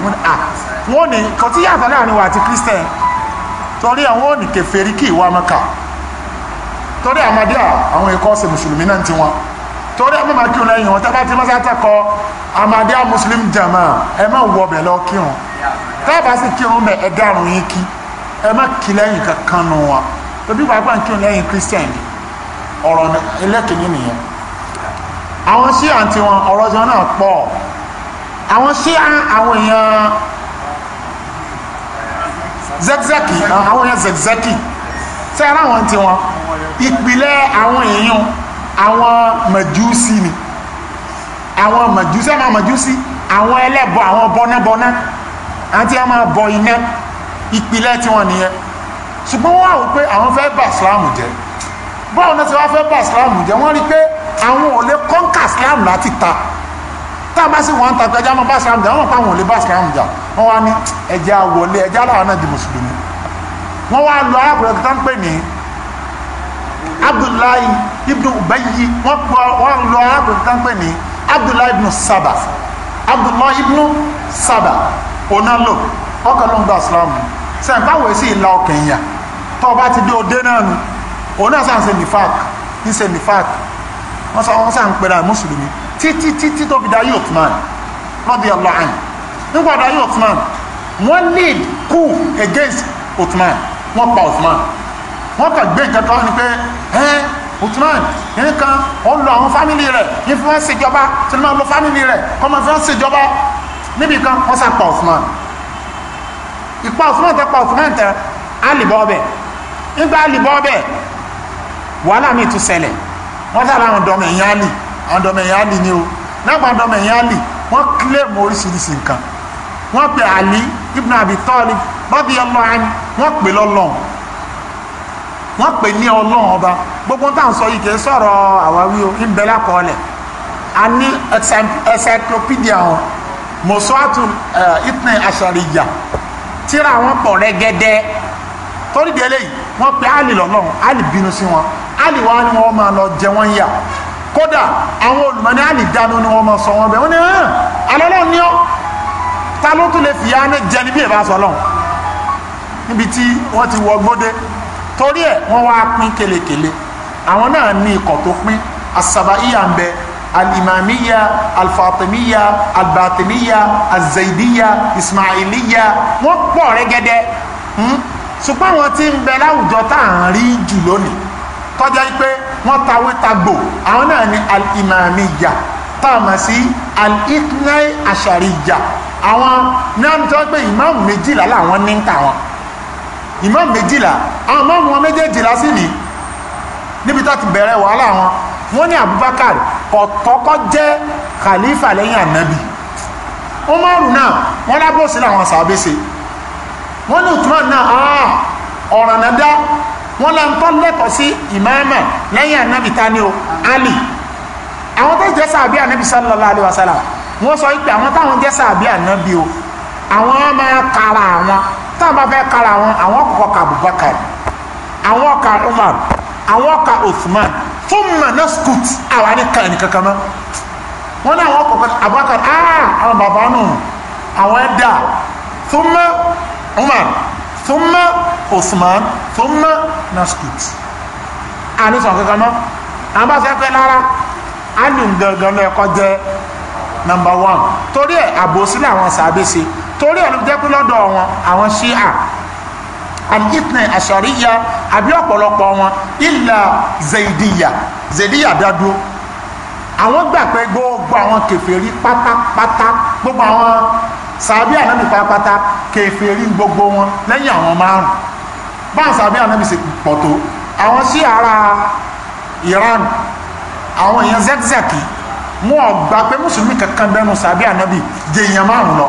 wọ́n ní kò tí yàtọ̀ láàrin wa àti christian torí àwọn òní kèfèrí kì í wá mọ́kà torí amadé àwọn ikọ́ ṣe mùsùlùmí náà ti wọn torí àwọn máa kírun lẹ́yìn wọn tẹ́ bá ti mọ́sá tẹ́kọ̀ọ́ amadé muslim jama ẹ má wọ ọbẹ̀ lọ kírun tẹ́ bá sì kírun bẹ̀ ẹ dárun yín kí ẹ má kí lẹ́yìn kankan nù wọn torí wàá gbà ń kírun lẹ́yìn christian ni ọ̀rọ̀ ẹlẹ́kìíní nìyẹn àwọn ṣíà tí wọn ọ̀rọ̀ jọ náà pọ̀ àwọn ṣíà àwọn èèyàn zẹ́kzẹ́kì àwọn èèyàn zẹ́kzẹ́kì tí ara wọn tí wọn ìpìlẹ̀ àwọn èèyàn àwọn mẹ̀júsí ni àwọn mẹ̀júsí àwọn mẹ̀júsí àwọn ẹlẹ́bọ àwọn bọ́nẹ́bọ́nẹ́ àti a máa bọ iná ìpìlẹ̀ tí wọn nìyẹn ṣùgbọ́n wọ́n wà wípé àwọn fẹ́ bà Islam jẹ́ báwo náà ti wá fẹ́ bá ìsìláàmù jẹ́ wọ́n rí pé àwọn ò lè kọ́ńkà ìsìláàmù láti ta tá a bá sì wọ́n ń ta pé ẹja máa bá ìsìláàmù jà wọ́n mọ̀ pé àwọn ò lè bá ìsìláàmù jà wọ́n wá ní ẹja wọlé ẹja aláwọ̀ náà di mùsùlùmí wọ́n wá lọ arákùnrin tó ń pè ní Abdullahi ibn Ubayyi wọ́n lọ arákùnrin tó ń pè ní Abdullahi ibn Saba Abdullahi ibnu Saba onalo ọkọ̀ ló ń gba ìsìláàmù sẹ́ńpáwò sí ìlà ọkàn ìyà tó o bá ti dé o dé náà nu òun náà sáà ń ṣe nifak ń ṣe nifak wọ́n sáà wọ́n sáà ń pẹ̀lá mùsùlùmí títí títí tó fi dayé Uthman radiyallahu anhu nígbà dayé Uthman wọ́n lead coup against otman. wọ́n pa otman. wọ́n kà gbé nǹkan kan ni pé ẹ́ Uthman nǹkan ó lọ àwọn fámìlì rẹ̀ ní fi wọ́n ṣèjọba tí wọ́n máa lọ fámìlì rẹ̀ kọ́ máa fi wọ́n ṣèjọba níbi kan wọ́n sá pa Uthman ìpa Uthman tẹ pa Uthman tẹ alìbọ́ ọbẹ̀ nígbà alìbọ́ ọbẹ̀ wàhálà mi tún ṣẹlẹ̀ wọ́n sábà àwọn ọ̀dọ́mọ̀ ẹ̀yìn àlì àwọn ọ̀dọ́mọ̀ ẹ̀yìn àlì ni o lágbà ọ̀dọ́mọ̀ ẹ̀yìn àlì wọ́n kílèmù oríṣiríṣi nǹkan wọ́n pe àlì ibn abi talib bọ́bí ọlọ́run wọ́n pè lọ́lọ́run wọ́n pè ní ọlọ́run ọba gbogbo táwọn sọ yìí kìí sọ̀rọ̀ àwáwí o ń bẹ lákọọ́lẹ̀ a ní encyclopedia wọn mọ̀sọ́àtù ìtàn eh, tíra wọn pọ̀ rẹ́gẹ́dẹ́ torí di eléyìí wọ́n pe ali lọ́lọ́run ali bínú sí wọn ali wá ní wọ́n máa lọ jẹ wọ́n yà kódà àwọn olùmọ̀ní ali dáná ni wọ́n máa sọ wọn bẹ́ẹ̀ wọ́n ní hàn alọ́lọ́run ni ọ́ ta ló tún lè fìyà ní jẹ níbi ìbá sọ lọ́hùn níbi tí wọ́n ti wọ gbódé torí ẹ̀ wọ́n wá pín kelekele àwọn náà ní ikọ̀ tó pín asabaiya ń bẹ alimamiya alfatimiya albatimiya azaidiya ismailiya wọ́n pọ̀ rẹ́gẹ́dẹ́ hmm? ṣùgbọ́n àwọn tí ń bẹ láwùjọ tá à ń rí jù lónìí tọ́jà pé wọ́n tawé tagbò àwọn náà ni al-imamiyya tá a mọ̀ sí al-ithnai ashariyya àwọn náà tó pé ìmáàmù méjìlá làwọn ní ń tà wọn ìmáàmù méjìlá àwọn ìmáàmù wọn méjèèjìlá sì ní níbi tó ti bẹ̀rẹ̀ wàhálà wọn wọ́n ní Abubakar kọ̀tọ́kọ́ jẹ́ khalifa lẹ́yìn ànábì Umaru náà wọ́n lábòsí làwọn sàbẹ̀sẹ̀ wọ́n ní Uthman náà ah ọ̀ràn náà dá wọ́n la ń tọ́ lẹ́tọ̀ọ́ sí ìmáàmà lẹ́yìn ànábì tani o Ali àwọn tó jẹ́ sàbí ànábì sallallahu alaihi wasallam wọ́n sọ pé àwọn táwọn jẹ́ sàbí ànábì o àwọn máa kara àwọn táwọn bá fẹ́ kara àwọn àwọn kọ̀kọ́ ka Abubakar àwọn ka Umar àwọn ka Uthman thumma naskut àwọn ní kan ní kankan mọ́ wọ́n ní àwọn kọ̀kọ́ Abubakar ah àwọn bàbá nù àwọn ẹ̀dá thumma umar thumma usman thumma naskut àní sọ̀rọ̀ kankan mọ́ àwọn bá sẹ́pẹ́ lára ali gangan ló ẹ̀kọ́ jẹ́ nọmba one torí ẹ̀ àbòsí làwọn sàbẹ̀ ṣe torí ẹ̀ ló jẹ́ pé lọ́dọ̀ wọn àwọn ṣíà alìtìnà àṣàríyà àbí ọ̀pọ̀lọpọ̀ wọn ìlà zaidiya zaidiya dádúró àwọn gbà pé gbogbo àwọn kèfèrí pátápátá gbogbo àwọn sàbí ànábì pátápátá kèfèrí gbogbo wọn lẹ́yìn àwọn márùn báwọn sàbí ànábì sì pọ̀ tó àwọn sí ara Iran àwọn èèyàn zẹ́kìzẹ́kì wọn ò gbà pé mùsùlùmí kankan bẹnu sàbí ànábì jẹ èèyàn márùn lọ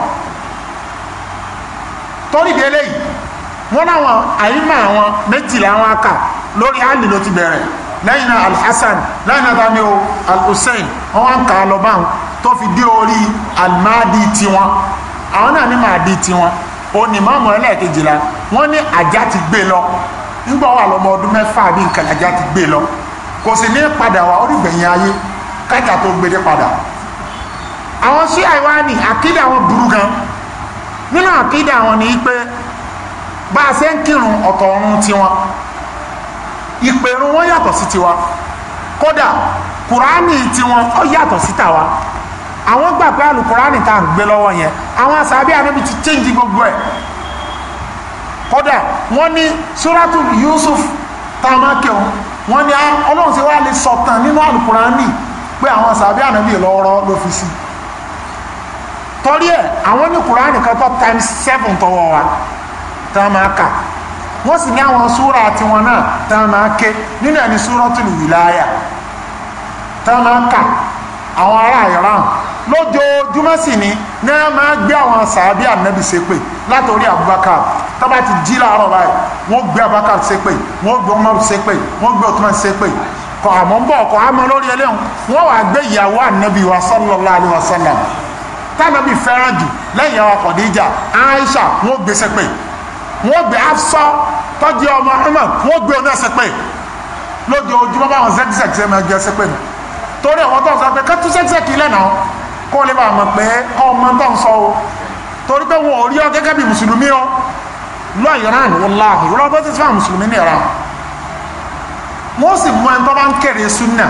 torí di eléyìí wọn láwọn àyímọ̀ àwọn méjìlá àwọn aka lórí àlè ló ti bẹ̀rẹ̀ lẹ́yìn náà alhassan lẹ́yìn náà tani o alhussein wọn wá ń kà á lọ báwọn tó fi dé orí almadi tiwọn àwọn náà ní máa di tiwọn onímọ̀ọ́mọ̀ ẹlẹ́ẹ̀kejìlá wọ́n ní ajá ti gbé lọ nígbà wà lọ́mọ ọdún mẹ́fà bí nǹkan ajá ti gbé lọ kò sì ní padà wá orígbẹ̀yìn ayé kájà tó gbede padà àwọn sí àìwá ni àkídà àwọn burú gan nínú àkídà àwọn ni pé bá a ṣe ń kírun ọ̀tọ̀ ọ̀run tiwọn ìpèrún wọn yàtọ̀ sí tiwa kódà kùránì tiwọn ó yàtọ̀ sí tàwa àwọn gbà pé alukurani tá à ń gbé lọ́wọ́ yẹn àwọn sàbí ànábi ti change gbogbo ẹ̀ kódà wọ́n ní suratu Yusuf tamakeu wọ́n ní ọlọ́run ti wá lè sọ̀tàn nínú alukurani pé àwọn sàbí ànábi lọ́rọ́ ló fi sí torí ẹ̀ àwọn ní kurani kan tó times seven tọwọ́ wa tamaka wọ́n sì ní àwọn súra àti wọn náà Tamake, máa ké nínú ẹni súra tìlù wìláyà àwọn ará ìran lójoojúmọ́ sì ni náà máa gbé àwọn sàábí ànábì ṣépè látòrí abubakar tábà ti jí láàárọ̀ báyìí wọ́n gbé abubakar ṣépè wọ́n gbé umar ṣépè wọ́n gbé otman ṣépè kọ àmọ́ ń bọ̀ ọkọ̀ àmọ́ lórí ẹlẹ́hùn wọ́n wàá gbé ìyàwó ànábì wa sallallahu alaihi wasallam tánàbì fẹ́ràn jù lẹ́yìn àwọn Khadija Aisha wọ́n gbé ṣépè wọ́n gbé Hafsa tọ́jú ọmọ Umar wọ́n gbé ọ̀nà ṣépè lójoojúmọ́ báwọn zẹ́gzẹ́g ṣe máa jẹ́ ṣépè torí àwọn tó ń sọ pé kẹ́tù zẹ́gzẹ́g ilẹ̀ náà kó lè bá mọ̀ pé ọmọ tó ń sọ o torí pé wọn rí ọ gẹ́gẹ́ bí mùsùlùmí o lọ ìran wọláhù rọ́bọ́ tí fáwọn mùsùlùmí ní wọ́n sì mú ẹni tó bá ń kéré súnà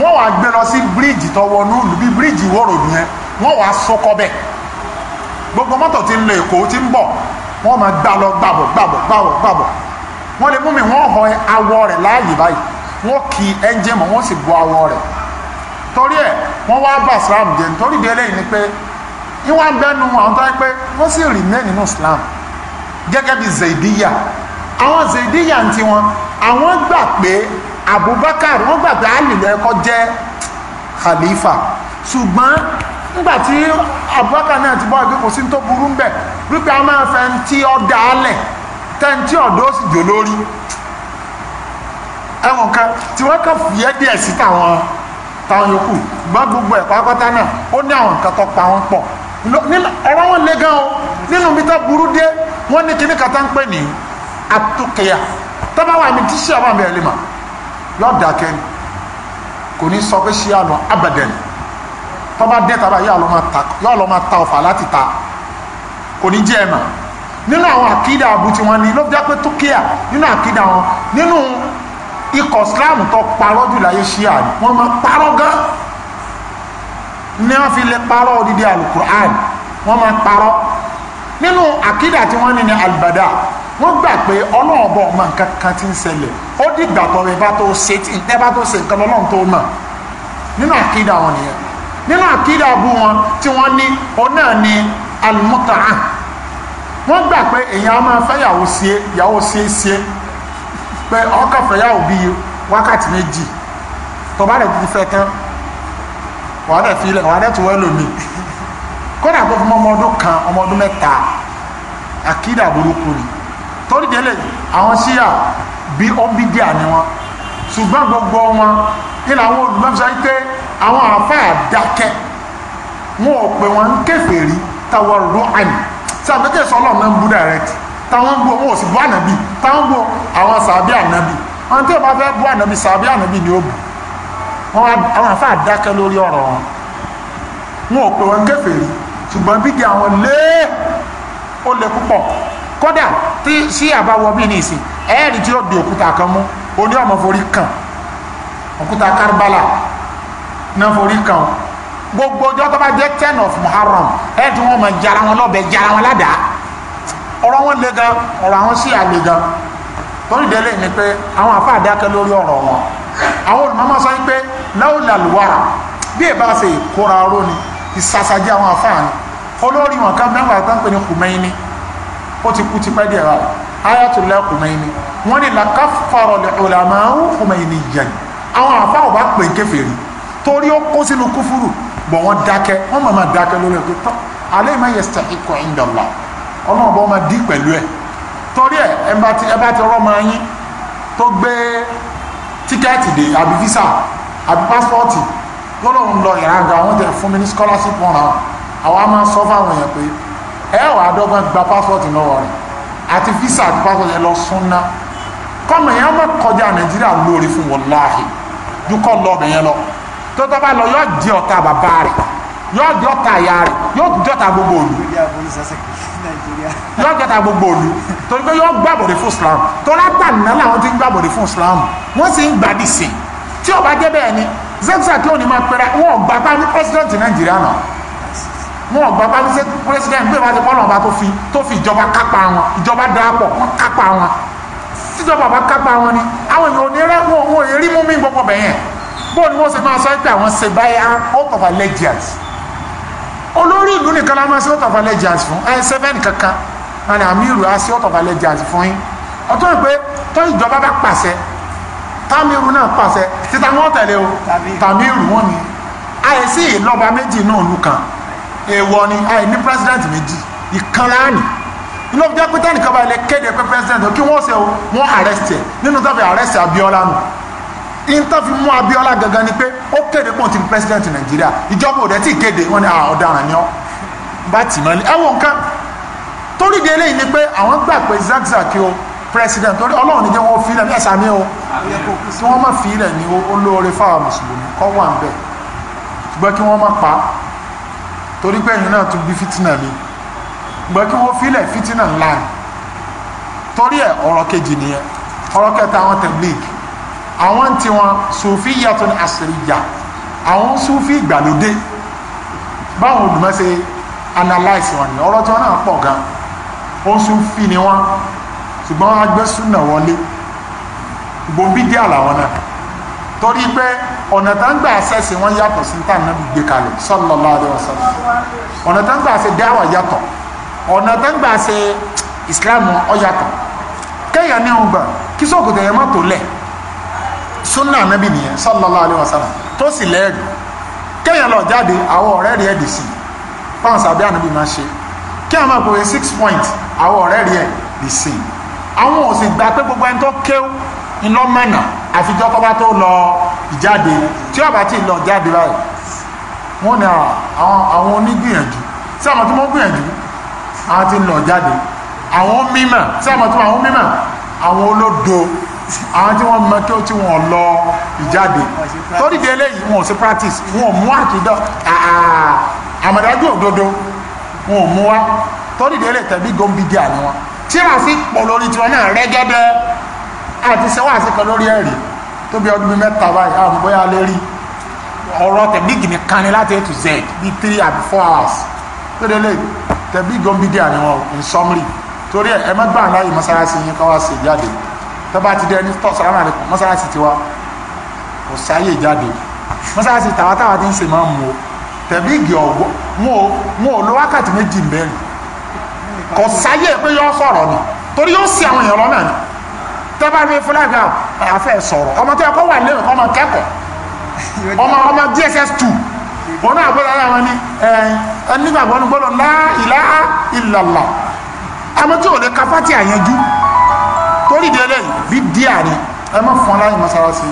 wọ́n wàá gbé lọ sí bíríìjì tó wọnú bí bíríìjì wọ́rọ̀ yẹn wọ́n wàá sọkọ bẹ́ẹ̀ gbogbo mọ́tò tí ń lo èkó tí ń bọ̀ wọ́n máa gbà lọ gbàbọ̀ gbàbọ̀ torí ẹ̀ wọ́n wá bá islam jẹ́ nítorí ìdí eléyìí ni pé ìwà ń bẹ́nu àwọn tó yẹ pé wọ́n sì remain nínú islam gẹ́gẹ́ bí zaidiya àwọn zaidiya ń ti wọn àwọn gbà pé abubakar wọ́n gbà pé ali ló yẹ kó khalifa ṣùgbọ́n nígbà tí abubakar náà ti bọ́ ẹgbẹ́ kò sí tó burú ń bẹ̀ wípé a máa fẹ́ ń tí ọ dálẹ̀ tẹ́ ń tí ọ̀dọ́ sì jò lórí ẹ̀wọ̀n kan tí wọ́n kàn fìyẹ́ díẹ̀ sí tàwọn táwọn yòókù gbọ́n gbogbo ẹ̀ pátápátá náà ó ní àwọn nǹkan tó pa wọn pọ̀ ọ̀rọ̀ wọn le gan o nínú mi tó burú dé wọ́n ní kíní kata ń pè ní atukẹ̀yà tọ́ba wà mí tíṣà wà mí ẹ̀ lè mà yọ̀ọ́ dàkẹ́ ni kò ní sọ pé ṣé àná abẹ̀dẹ̀ ni tọ́ba dẹ́ tàbá yọ̀ọ́ lọ́ máa ta ọ̀fà láti ta kò ní jẹ́ ẹ̀ mà nínú àwọn àkídà àbútí wọn ni ló fi jẹ́ pé tókẹ́yà nínú àkídà wọn nínú ikọ̀ islam tó parọ́ jù láyé ṣíà ni wọ́n máa parọ́ gan ní wọ́n fi lè parọ́ odidi alukur'an wọ́n máa parọ́ nínú àkídà tí wọ́n ní ní albada wọ́n gbà pé ọlọ́run bọ̀ ọmọ nǹkan kan ti ń ṣẹlẹ̀ ó dìgbà tó rẹ̀ bá tó ṣe tí ẹ bá tó ṣe nǹkan ọlọ́run tó mọ̀ nínú àkídà wọn nìyẹn nínú àkídà bú wọn tí wọ́n ní ọ náà ní almuta'a wọ́n gbà pé èèyàn á máa fẹ́ yàwó sí é yàwó sí é pé ọkàn fẹ́yàwó bíi wákàtí méjì tó bá rẹ̀ ti fẹ́ tán wà á dẹ̀ fi ilẹ̀ wà á dẹ̀ tún wẹ́ lómi kódà tó fún ọmọ ọdún kan ọmọ ọdún mẹ́ta àkídà burúkú ni torí délé àwọn síyà bí ọ́bídíà ni wọn ṣùgbọ́n gbogbo wọn nílà àwọn olùmọ́sá pé àwọn àfáà dákẹ́ wọn ò pè wọn ń kèfèrí táwọn rọ àmì sábẹ́tẹ̀ sọ́lọ́ọ̀ náà ń bú direct táwọn bú wọn ò sì bú ànábì táwọn bú àwọn sàbí ànábì wọn tí ò bá fẹ́ bú ànábì sàbí ànábì ni ó bú àwọn afá dákẹ́ lórí ọ̀rọ̀ wọn wọn ò pè wọn kèfèrí ṣùgbọ́n bídìí àwọn lé ó le púpọ̀ kódà tí sí àbáwọ bí ní ìsìn ẹ̀ẹ́rì tí ó di òkúta kan mú ó ọmọ forí kàn òkúta Karbala náà forí kàn gbogbo ọjọ́ tó bá jẹ́ ten of Muharram ẹ̀ẹ́dì wọn mọ̀ jara wọn lọ́bẹ̀ jara wọn ládàá ọ̀rọ̀ wọn le gan ọ̀rọ̀ àwọn sí àle gan torí délé ni pé àwọn àfa àdákẹ́ lórí ọ̀rọ̀ wọn àwọn olùmọ́mọ́ sọ pé láwùlà lùwàrà bí èbá ṣe ìkóra oró ni ìsàsàjẹ́ àwọn àfa ni olórí wọn kan mẹ́wàá tó ń pè ní kùmẹ́yìn ni ó ti kú tipẹ́ díẹ̀ rà ayatollah kùmẹ́yìn wọ́n ní làkàfàrọ̀ lẹ́ọ̀làmọ́ kùmẹ́yìn yẹn àwọn àfa ò bá pè kéfèrí torí ó kó sínú kúfúrú bọ̀ wọ́n dákẹ́ wọ́n mọ̀ máa dákẹ́ lórí ẹ̀ pé tán alẹ́ máa yẹ sẹ́kì kọ́ ìndọ̀lá ọlọ́run bọ́ máa dí pẹ̀lú ẹ̀ torí ẹ̀ ẹ bá ti ẹ bá ti ọlọ́mọ yín tó gbé tíkẹ́ẹ̀tì dé àbí físà àbí pásítọ̀tì lọ́lọ́run lọ ìrànga àwọn tẹ̀ fún mi ní scholarship wọn ra àwọn a máa sọ fáwọn èèyàn pé ẹ wàá dọ́gbọ́n gba pásítọ̀tì lọ́wọ́ rẹ̀ àti físà àti pásítọ̀tì ẹ lọ súnná kọ́mọ yẹn á má kọjá nàìjíríà lórí fún wọn láàyè dúkọ́ lọ́ọ̀bẹ̀ yẹn lọ tó tọ́ bá lọ yóò jẹ́ ọ̀tá bàbá rẹ̀ yóò jẹ́ ọ̀tá ìyá rẹ̀ yóò jẹ́ ọ̀tá gbogbo òlu yóò jẹta gbogbo òlu torí pé yóò gbàbọ̀dé fún islam tọ́lá gbàǹdà làwọn ti ń gbàbọ̀dé fún islam wọ́n sì ń gbàdì sí i tí ó bá jẹ́ bẹ́ẹ̀ ni zexac ló ní máa pẹ́ra wọn ò gbà bá ní president nàìjíríà náà wọn ò gbà bá ní president pé wọ́n ti kọ́ lọ́ba tó fi ìjọba kápá wọn ìjọba darapọ̀ wọn kápá wọn tíjọba bá kápá wọn ni àwọn èèyàn onírẹ́ wọn ò rí mú mi gbogbo bẹ̀yẹn bóun ni wọ́n ṣe máa sọ pé àwọn ṣe báyà out of allegiance olórí ìlú nìkan la máa ṣe out of allegiance fún ẹ seven kankan àni amiru á ṣe out of allegiance fún yín ọtọ́ ìpè tó ìjọba bá pàṣẹ tamiru náà pàṣẹ títa wọn tẹ̀lé o tamiru wọn ni àìsí ìlọba méjì náà lù èèwọ̀ ni àì ní president méjì ìkan láàánì inú ọjọ́ pé tẹ́nìkan bá ilẹ̀ kéde pé president kí wọ́n ṣe wọ́n arrest ẹ̀ nínú tàbí arrest Abiola nù ìntàn fi mú Abíọ́lá gangan ni pé ó kéde pọ̀ tí president Nàìjíríà ìjọba òde tí kéde wọn ni ah, ọ̀daràn ni ọ́ bá tì mọ́ ni ẹ̀wọ̀n nǹkan torí de eléyìí ni pé àwọn gbà pé zagzag o president torí ọlọ́run ní jẹ́ wọn fi ilẹ̀ ní ẹ̀sà mi o tí wọ́n má fi ilẹ̀ ní olóore fáwọn mùsùlùmí kọ́ wà ń bẹ̀ ṣùgbọ́n kí wọ́n má pa torí pé ẹ̀yin náà tún bí fìtínà mi ṣùgbọ́n kí wọ́n fi ilẹ̀ fìtínà ńlá torí ẹ̀ ọ̀rọ̀ kejì nìyẹn ọ̀rọ̀ kẹta àwọn tẹ̀blíìkì àwọn tí wọn sufi yàtọ̀ ní àṣíríjà àwọn sufi ìgbàlódé báwọn olùmọ̀ ṣe analyse wọn ni ọ̀rọ̀ tí wọn náà pọ̀ gan ó sufi ni wọn ṣùgbọ́n agbésùnà wọlé gbòǹbídé àlàwọn náà torí pé ọ̀nà tá ń gbà sẹ́sìn wọn yàtọ̀ sí tá náà gbé kalẹ̀ sallallahu alaihi wasallam ọ̀nà tá ń gbà ṣe dáwà yàtọ̀ ọ̀nà tá ń gbà ṣe ìsìlámù ó yàtọ̀ kéèyàn ní ọgbà kí sókòtò yẹn mọ́tò lẹ̀ súnà anábì nìyẹn sallallahu alaihi wasallam tó sì lẹ́ẹ̀dù kéèyàn lọ jáde àwọn ọ̀rẹ́ rí ẹ̀dì sí pọ́n sàbí anábì máa ṣe kí a máa pòwe six point àwọn ọ̀rẹ́ rí ẹ̀dì sí àwọn ò sì gba pé gbogbo ẹni tó kéw iná mẹ́nà àfijọ́ tó bá tó lọ ìjáde tí ó bá ti lọ jáde báyìí wọ́n ní àwọn onígbìyànjú sí àwọn tí wọ́n gbìyànjú àwọn ti lọ jáde àwọn mímọ̀ sí àwọn tí wọ́n àwọn mímọ̀ àwọn olódo àwọn tí wọ́n mọ kí ó tí wọ́n lọ ìjáde tó dìde eléyìí wọn ò sí practice wọn ò mú àkídọ́ àmọ̀dájú òdodo wọn ò mú wá tó dìde eléyìí tẹ̀bí gombidia ni wọn tí wọ́n sì pọ̀ lórí tiwọn náà rẹ́gẹ́dẹ́ àti sẹ́wọ́n àti kan lórí ẹ̀rí tó bí ọdún mẹ́ta báyìí àwọn bóyá lè rí ọ̀rọ̀ tẹ̀bíìgì ní kan ní láti a to z bí three and four hours tó délé tẹ̀bíìgì gombidia ni wọn in summary torí ẹ̀ ẹ má gbà láàyè mọ́sálásí yín káwá sí ìjáde tó bá ti dẹni tọ́ sàlámù àlékún mọ́sálásí tiwa kò sáyè jáde mọ́sálásí tàwa táwa ti ń ṣe máa mú o tẹ̀bí igi ọ̀gbọ́ wọn o lo wákàtí méjì ń bẹ́ẹ̀ ni kò sáyè pé yọ sọ̀rọ̀ ni torí yóò sí àwọn èèyàn lọ́nà ni tẹ́ bá rí fúlàgà àfẹ́ sọ̀rọ̀ ọmọ tó yẹ kó wà lẹ́nu kọ́ ọmọ kẹ́kọ̀ọ́ ọmọ ọmọ dss two òun náà gbọ́dọ̀ ara wọn ni ẹni gbàgbọ́ ni gbọ́dọ̀ lá ìlà ìlàlà àmọ́ tí ò lè ka fátì àyànjú torí ìdí eléyìí bí díà ni ẹ má fún aláyè mọ́sálásí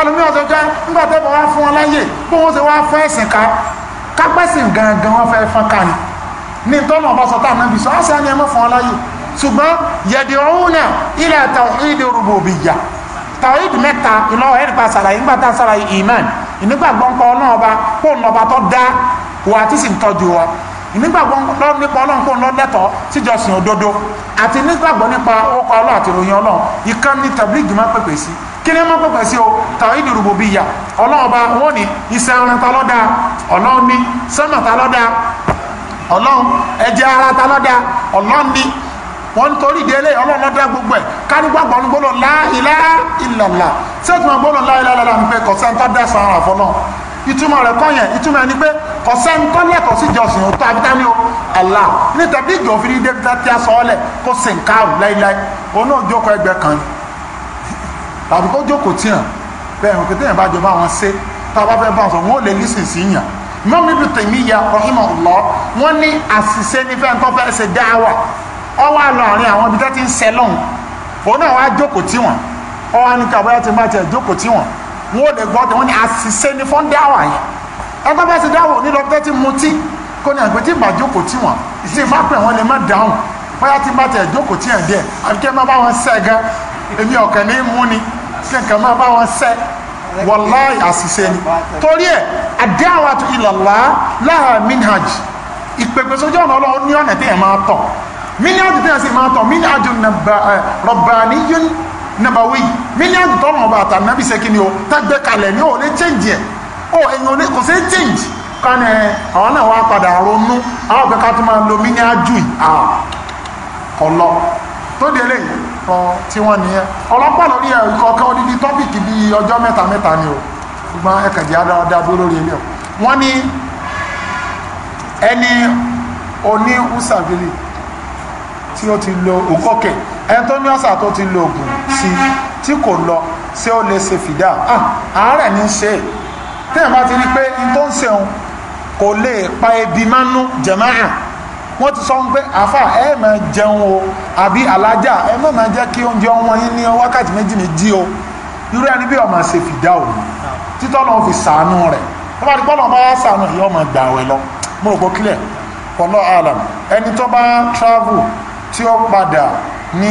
ẹlòmí ọ̀sẹ̀ jẹ́ nígbà tẹ́bọ̀ wá fún aláyè bó wọ́n ṣe wá fẹ́ ẹ̀sìn ká kápẹ́sìn gangan wọ́n fẹ́ fọ́n ká ni ní tọ́nà ọba sọ táà nábì sọ á sẹ́ni ẹ má fún aláyè ṣùgbọ́n yẹ̀dì ọ̀hún náà ilẹ̀ tawhid rububiyyah tawhid mẹ́ta iná ẹ̀rí pa sàlàyé nígbà tá a sàlàyé iman ìnígbàgbọ́n pa ọlọ́ọ̀ba kó ọ̀nà ọba tó dá wà á ti sì ń tọ́jú wa nígbàgbọ́ nípa ọlọ́run kò ń lọ lẹ́tọ̀ọ́ síjọsìn òdodo àti nígbàgbọ́ nípa ọkọ̀ ọlọ́run àti ìròyìn ọlọ́run ìkan ní tàbílíìgì máa pèpè sí kí ni máa pèpè sí o tàwídì rububiyya ọlọ́run ọba wọn ni iṣẹ́ ẹran ta lọ́dà ọlọ́run ní sẹ́mà ta lọ́dà ọlọ́run ẹ̀jẹ̀ ara ta lọ́dà ọlọ́run ní wọ́n torí délé ọlọ́run lọ́dà gbogbo ẹ̀ kárígbàgbọ́ ní gbọ́dọ̀ la ilaha illallah sẹ́tùmọ̀ gbọ́dọ̀ la ilaha illallah ń pẹ́ kọ̀sẹ́ńtà dẹ́sán àfọ́nà ìtumọ̀ rẹ̀ kọ́ yẹn ìtumọ̀ ẹni pé kọ̀sẹ́ ń tọ́ lẹ́tọ̀ọ́ sí jọsìn òótọ́ abítání o Allah níta bí ìjọ òfin dé bíta tí a sọ ọ́ lẹ̀ kó sì ń káàrù láíláí òun náà jókòó ẹgbẹ́ kan tàbí kó jókòó tiẹ̀ bẹ́ẹ̀ òkè téèyàn bá jọ bá wọn ṣe tá a bá fẹ́ bá wọn sọ wọn ò lè lísìn sí yàn mọ́mí bí tèmi ya ọ̀hìnmọ̀ lọ wọ́n ní àṣìṣe ní fẹ́ tó fẹ́ ṣe dáwà ọ wá lọ àárín àwọn ibi tó ti ń ṣẹlọ́hún òun náà wọn ò dẹ̀ gbọ́ tẹ̀ wọ́n ní àṣìṣe ni fún dáwà yìí ẹgbẹ́ bá ti dáwà onílọ pé tí mu tí kò ní àgbẹ̀ tí mà jókòó tí wọn lè má pè wọn lè má dáhùn bóyá tí bá tẹ̀ jókòó tí yàn díẹ̀ àbí kí ẹ má bá wọn sẹ́ gan èmi ọ̀kẹ́ ní mú ni kí nǹkan má bá wọn sẹ́ wàláì àṣìṣe ni torí ẹ̀ àdáwà tó ìlàlá láhà minhaj ìpèpè sójú ọ̀nà ọlọ́run ní ọ̀nà tí ẹ̀ máa tọ̀ minhaj tí ẹ̀ sì máa tọ̀ minhaj eh, rọ̀bàníyún nabawi mílíọ̀nù tọ́nà ọba àtànábì sẹ́kìnì o tẹ́gbẹ́ kalẹ̀ e. ní òun lè change ẹ̀ ó ẹ̀yìn òun kò sí change kan ẹ̀ àwọn náà wá padà ronú àwọn òkè ká tó máa lo mílíọ̀nù ah, ọlọ tó di eléyìí kan tí wọ́n nìyẹn ọlọ́pàá lórí ẹ̀kọ́ kan odidi tọ́pìkì bíi ọjọ́ mẹ́ta mẹ́ta ni o ṣùgbọ́n ẹ̀kẹ̀jẹ̀ adáadáa dúró lórí ilé o wọ́n ní ẹni oní usavili tí ó ti lo òkọ́kẹ̀ ẹni tó ní ọ̀sà tó ti lo oògùn sí tí kò lọ ṣé ó lè ṣe fìdá ah, àárẹ̀ ní ṣe téèyàn bá ti rí pé n tó ń ṣeun kò lè pa ebi mánú jẹ̀máà wọ́n ti sọ pé àfà ẹ má jẹun o àbí alájà ẹ má má jẹ́ kí oúnjẹ ọmọ yín ní wákàtí méjì méjì o irú ẹni bí ọmọ ṣe fìdá o títọ́ náà fi sàánú rẹ̀ tó bá ti pọ́ náà bá sàánú yìí ọmọ gbà wẹ̀ lọ mo rò pé clear pọ̀lọ́ alam ẹni tó bá travel tí ó padà ní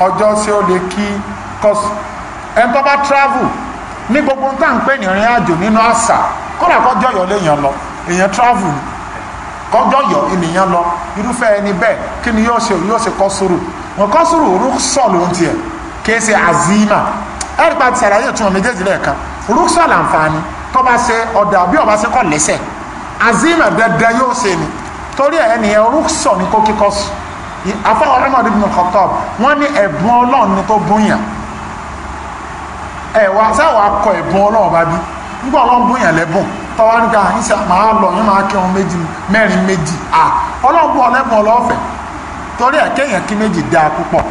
ọjọ́ sí ó lè kí kọ́sù ẹni bá travel ní gbogbo ń tàn pé ìrìn àjò nínú àṣà kọ́nà kọjọ́ yọ léèyàn lọ èèyàn travel kọjọ́ yọ ènìyàn lọ irúfẹ́ ẹni bẹ́ẹ̀ kí ni yóò ṣe yóò ṣe kọ́sùrù wọn kọ́sùrù rúkṣọ̀ ló ń tiẹ̀ kìí ṣe àzìmà ẹ̀rí pa ti ṣàlàyé ìtumọ̀ méjèèjì lẹ́ẹ̀kan rúkṣọ̀ làǹfààní tó bá ṣe ọ̀dà bí ọba ṣe kọ́ lẹ́sẹ̀ Azima dandan yóò ṣe ni torí ẹ̀ ẹnìyẹn rúkṣọ̀ ni kó kíkọ́ sùn afáwọn ọlọ́mọdé ibn Khattab wọ́n ní ẹ̀bùn ọlọ́run tó bóyàn ẹ̀wà sáwà akọ ẹ̀bùn ọlọ́run bá bí nígbà ọlọ́run bóyàn lẹ́bùn tọ́wá nígbà ìṣà máa lọ yín máa kí ohun méjì mẹ́rin méjì à ọlọ́run bó ọlẹ́bùn ọlọ́fẹ̀ torí ẹ̀ kéèyàn kí méjì dáa púpọ̀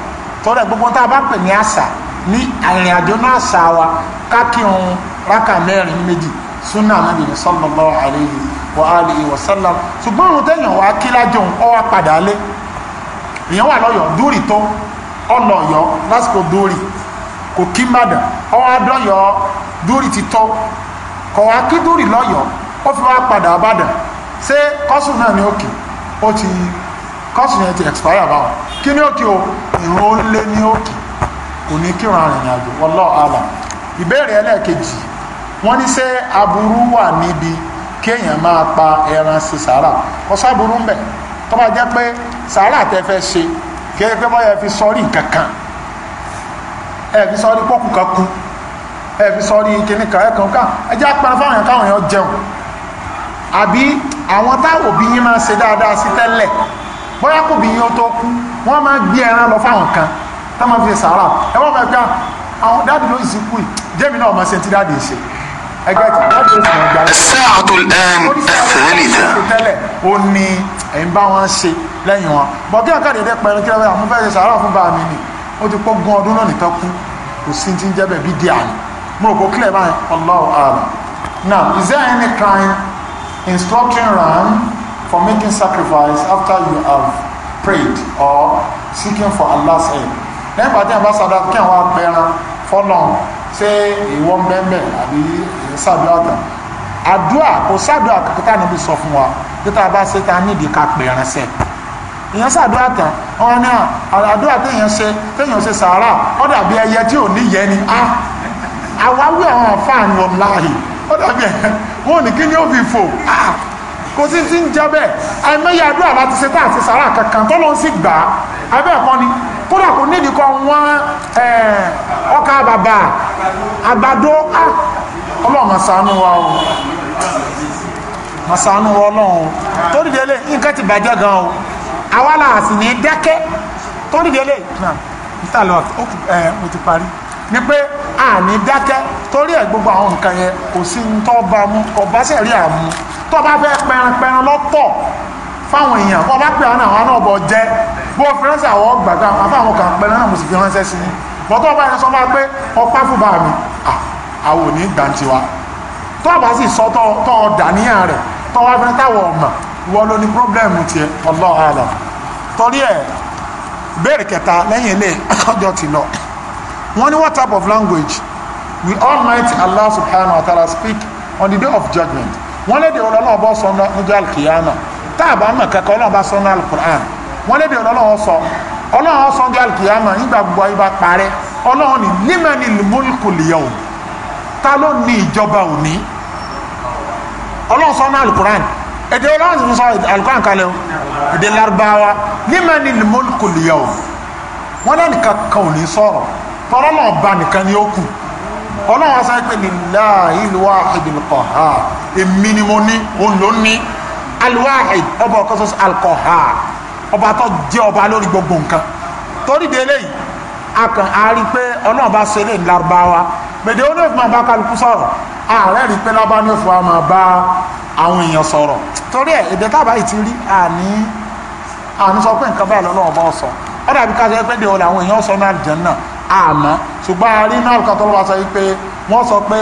torí ẹ̀ gbogbo tá a bá pè ní àṣà ní àrìn àjò náà àṣà wa ká kí ohun rákà mẹ́rin méjì súnà nàbì ní sallallahu alayhi wa alihi wa sallam ṣùgbọ́n ohun tẹ̀yàn wá kí lájọ ọwọ́ ìyẹn wà lọ́yọ̀ dúrì tó ọlọ́yọ̀ lásìkò dúrì kò kí mádà ọwọ́ adọ́yọ̀ dúrì ti tó kọ̀ wá kí dúrì lọ́yọ̀ ó fi wá padà àbádà ṣé kọ́sù náà ni ó ó ti kọ́sù yẹn ti expire báwọn kí ni ó o ìrún ó lé ní ó kì kò ní kírun arìnrìn àjò wallahu alam ìbéèrè ẹlẹ́ẹ̀kejì wọ́n ní ṣé aburú wà níbi kéèyàn máa pa ẹran sí sàárà kò ń bẹ tó bá jẹ́ pé sàárà tẹ fẹ́ ṣe kẹ́kẹ́ bá yẹ fi sọ́rí nǹkan kan ẹ fi sọ́rí pọ́kù kan kú ẹ fi sọ́rí kíní kan ẹ̀kan kan ẹ jẹ́ apẹ́rẹ́ fáwọn èèyàn káwọn èèyàn jẹun àbí àwọn táwọn òbí yín máa ṣe dáadáa sí tẹ́lẹ̀ bóyá kò bí yín ó tó kú wọ́n máa gbé ẹran lọ fáwọn kan tá máa fi sàárà ẹ wọ́n máa gbá àwọn dáàdì ló ìsìnkú yìí jẹ́mi náà máa ṣe ti dáàdì ṣe ẹgbẹ́ tí wọ́n ti sùn ọgbà lẹ́yìn. sáàtò tẹ́lẹ̀ tẹ́lẹ̀ ó ní ẹ̀yìn bá wọn ṣe lẹ́yìn wọn bọ̀ kí ọ̀kadì dẹ́ pẹ̀lú kí ọ̀rẹ́ àwọn fẹ́ẹ́ ṣe sàárọ̀ fún bàmí ni ó ti pọ́ gan ọdún náà nìkan kú kò sí ti ń jẹ́ bẹ̀ di àná mo rò pé báyìí Allahu a'lam now is there any kind instructing ram for making sacrifice after you have prayed or seeking for Allah's help lẹ́yìn pàtẹ́yìn bá sàdá kí àwọn apẹran fọ́lọ́n ṣé ìwọ mẹ́mẹ́ àbí ìsàdúrà kan àdúrà kò sàdúrà kíkà níbi sọ fún wa títà bá ṣe ta nídìí ká pè ránṣẹ́ èèyàn sàdúrà tán ọ̀rọ̀ náà àdúrà téèyàn ṣe téèyàn ṣe sàárà ó dàbí ẹyẹ tí ò ní yẹ ni a àwáwí àwọn àfáàní ọ̀láhì ó dàbí ẹyẹ wọn ò ní kí ni ó fi fò kò sí ti ń jẹ bẹ́ẹ̀ àìmọye àdúrà láti ṣe tá àti sàárà kankan tó ló ń sì gbà á abẹ́ ẹ̀kọ́ ni kódà kò nídìí kan eh, ọkà bàbà àgbàdo ah, ọlọ́run máa ṣàánú wa o máa ṣàánú wa nǹkan ti bàjẹ́ gan o àwa là ní dẹ́kẹ́ tó dìde lé níta eh, mo ti parí ni pé a ní dákẹ́ torí ẹ̀ gbogbo àwọn nǹkan yẹn kò sí bó fi ránṣẹ́ àwọn gbàgbà àfá àwọn kan pẹ̀lú náà mo sì fi ránṣẹ́ sí ní bọ́tọ̀ ọba ẹ̀sọ́ máa pé ọpá fún bá mi àwọn òní gbà ń tiwa tó ọba sì sọ tọ́ ọ̀dà níyà rẹ̀ tọ́ wá fi táwọ̀ ọ̀mà ìwọ ló ní pírọ́blẹ́mù tiẹ̀ Allahu alam torí ẹ̀ béèrè kẹta lẹ́yìn ilé <coughs> ọjọ́ ti lọ wọ́n ní what type of language will Almighty Allah subhanahu wa ta'ala speak on the day of judgment wọ́n lédè ọlọ́ọ̀bọ̀ sọ́nà níjọ́ alkiyama táàbà mọ̀ kẹ́kọ̀ọ́ ọlọ́ọ̀bá sọ́nà alukur'an wọ́n lédè ọlọ́run sọ ọlọ́run sọ ní alkiyama nígbà gbogbo ayé bá parẹ́ ọlọ́run ní límẹ̀ni múlùkùlìyà òní ta ló ní ìjọba òní ọlọ́run sọ ní alukuran èdè ọlọ́run ti sọ alukuran kalẹ̀ èdè larubawa límẹ̀ni múlùkùlìyà òní wọ́n lẹ́nu kankan òní sọ̀rọ̀ tọ́rọ́ náà ba nìkan ni ó kù sọ pé lillahi alwahidil qahhar èmi ni mo ní òun ọba tó jẹ́ ọba lórí gbogbo nǹkan torí de eléyìí a kàn á rí i pé ọlọ́run bá ṣe eléyìí lárúbáwá gbèdé olóòfin máa bá kálukú sọ̀rọ̀ ààrẹ rí i pé lábá ní òfin wa máa bá àwọn èèyàn sọ̀rọ̀ torí ẹ̀ èdè tábà yìí ti rí àní àní sọ pé nǹkan báyìí lọ́lọ́run bá sọ ọ dàbí ká sọ pé dèwọ̀ làwọn èèyàn sọ náà jẹ́ náà àmọ́ ṣùgbọ́n a rí náà kan tó lọ́wọ́ sọ pé wọ́n sọ pé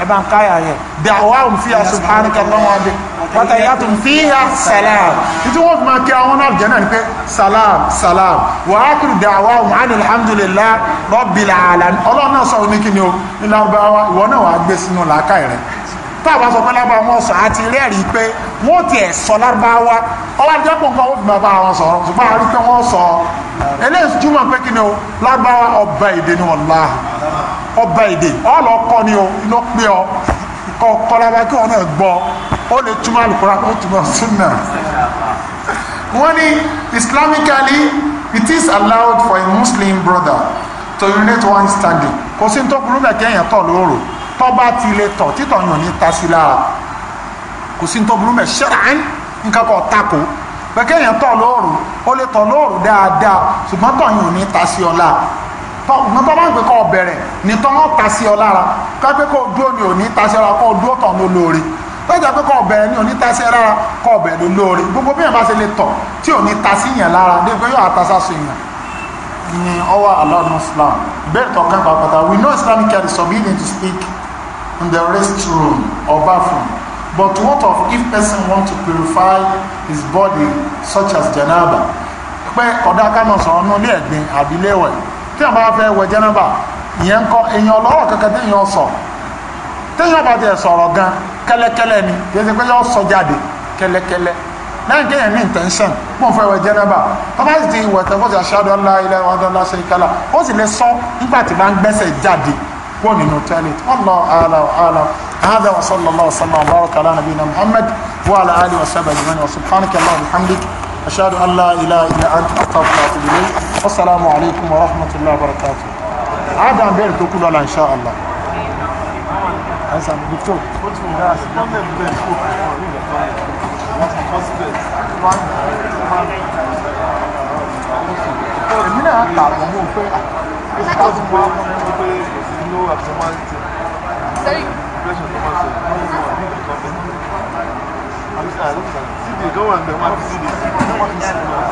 ẹ bá ń káyà yẹn dàwọ́ àwọn fi àṣùbánikẹ́ lọ́wọ́ adé wàtàyàtùn fíhà salam títí wọ́n fi máa kí àwọn náà jẹ́ náà ní pé salam salam wà á kìrì dàwà wọn ni alhamdulillah rabbil alamin ọlọ́run náà sọ̀rọ̀ ní kíni o ní lárúbáwá ìwọ náà wà wọ́n ti ọba èdè ni ni o iná pé ọ kọ́ kọ́ kí wọn náà gbọ́ ó lè túmọ̀ alùkọ́ra ó túmọ̀ súnà wọ́n ní islamically it is allowed for a muslim brother to unite one standing kò sí ní tó burú bẹ̀ kéèyàn tọ̀ lóòrò tó bá ti lè tọ̀ títọ̀ yàn ní tasilára kò sí ní tó burú bẹ̀ ṣẹ́ràn nǹkan kan tako pẹ̀kẹ́yàn tọ̀ lóòrùn ó lè tọ̀ lóòrùn dáadáa ṣùgbọ́n tọ̀yìn ò ní ta sí bá ń pè kọ́ ọ̀bẹ̀rẹ̀ ní tọ́ wọ́n ta sí kó dúró ní ta sí kó dúró tọ̀ ní olóore lọ́jà pé kọ́ ọ̀bẹ̀ ní onítàṣẹ́ rárá kọ́ ọ̀bẹ̀ ló lóore gbogbo bí yẹn bá ṣe lè tọ̀ tí ò ní ta sí yẹn lára dé pé yóò àtàṣà sí yẹn ni ọwọ́ aláàánú Islam bẹ́ẹ̀ tọ̀kan pàpàtà we know Islam can be submitted to speak in the restroom or bathroom but what of if person want to purify his body such as janaba pé ọ̀dà kánà sọ̀rọ̀ nù ní ẹ̀gbin àbílẹ̀wẹ̀ tí a bá fẹ́ wẹ̀ janaba ìyẹn kọ́ èèyàn ọlọ́rọ̀ kankan tí èèyàn sọ tí èèyàn bá tiẹ̀ sọ̀rọ̀ gan-an kẹ́lẹ́kẹ́lẹ́ ni kẹsẹ̀ pé yọ sọ jáde kẹ́lẹ́kẹ́lẹ́ lẹ́yìn kéèyàn ní intention mọ̀ fẹ́ wẹ̀ jẹ́nẹ́bà tó bá sì ti ìwẹ̀ tẹ́ fọ́sì aṣáájú ńlá ilẹ̀ wọn dán láṣẹ ìkálà ó sì lè sọ nígbà tí bá ń gbẹ́sẹ̀ jáde kó nínú tẹ́lẹ̀ Allahu a'lam a'lam هذا وصلى الله وسلم وبارك على نبينا محمد وعلى اله وصحبه اجمعين وسبحانك اللهم وبحمدك اشهد ان لا اله الا انت استغفرك واتوب اليك والسلام عليكم ورحمه الله وبركاته هذا بيرتكم ان شاء الله answer me the phone. What do you want? That's not the best food I want in the family. That's the first best. One, one. Èmi náà ta àwọn ọmọ òfin eight thousand one hundred and twenty eight no tó máa sọ no no Àbí sáà ló sàn. CD don wà níbẹ̀ máa sí. Ṣé wọ́n fi CD náà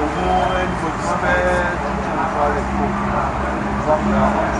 Ògùn ẹni fojú sí fẹ́ẹ́ tó fara rẹ̀ kó.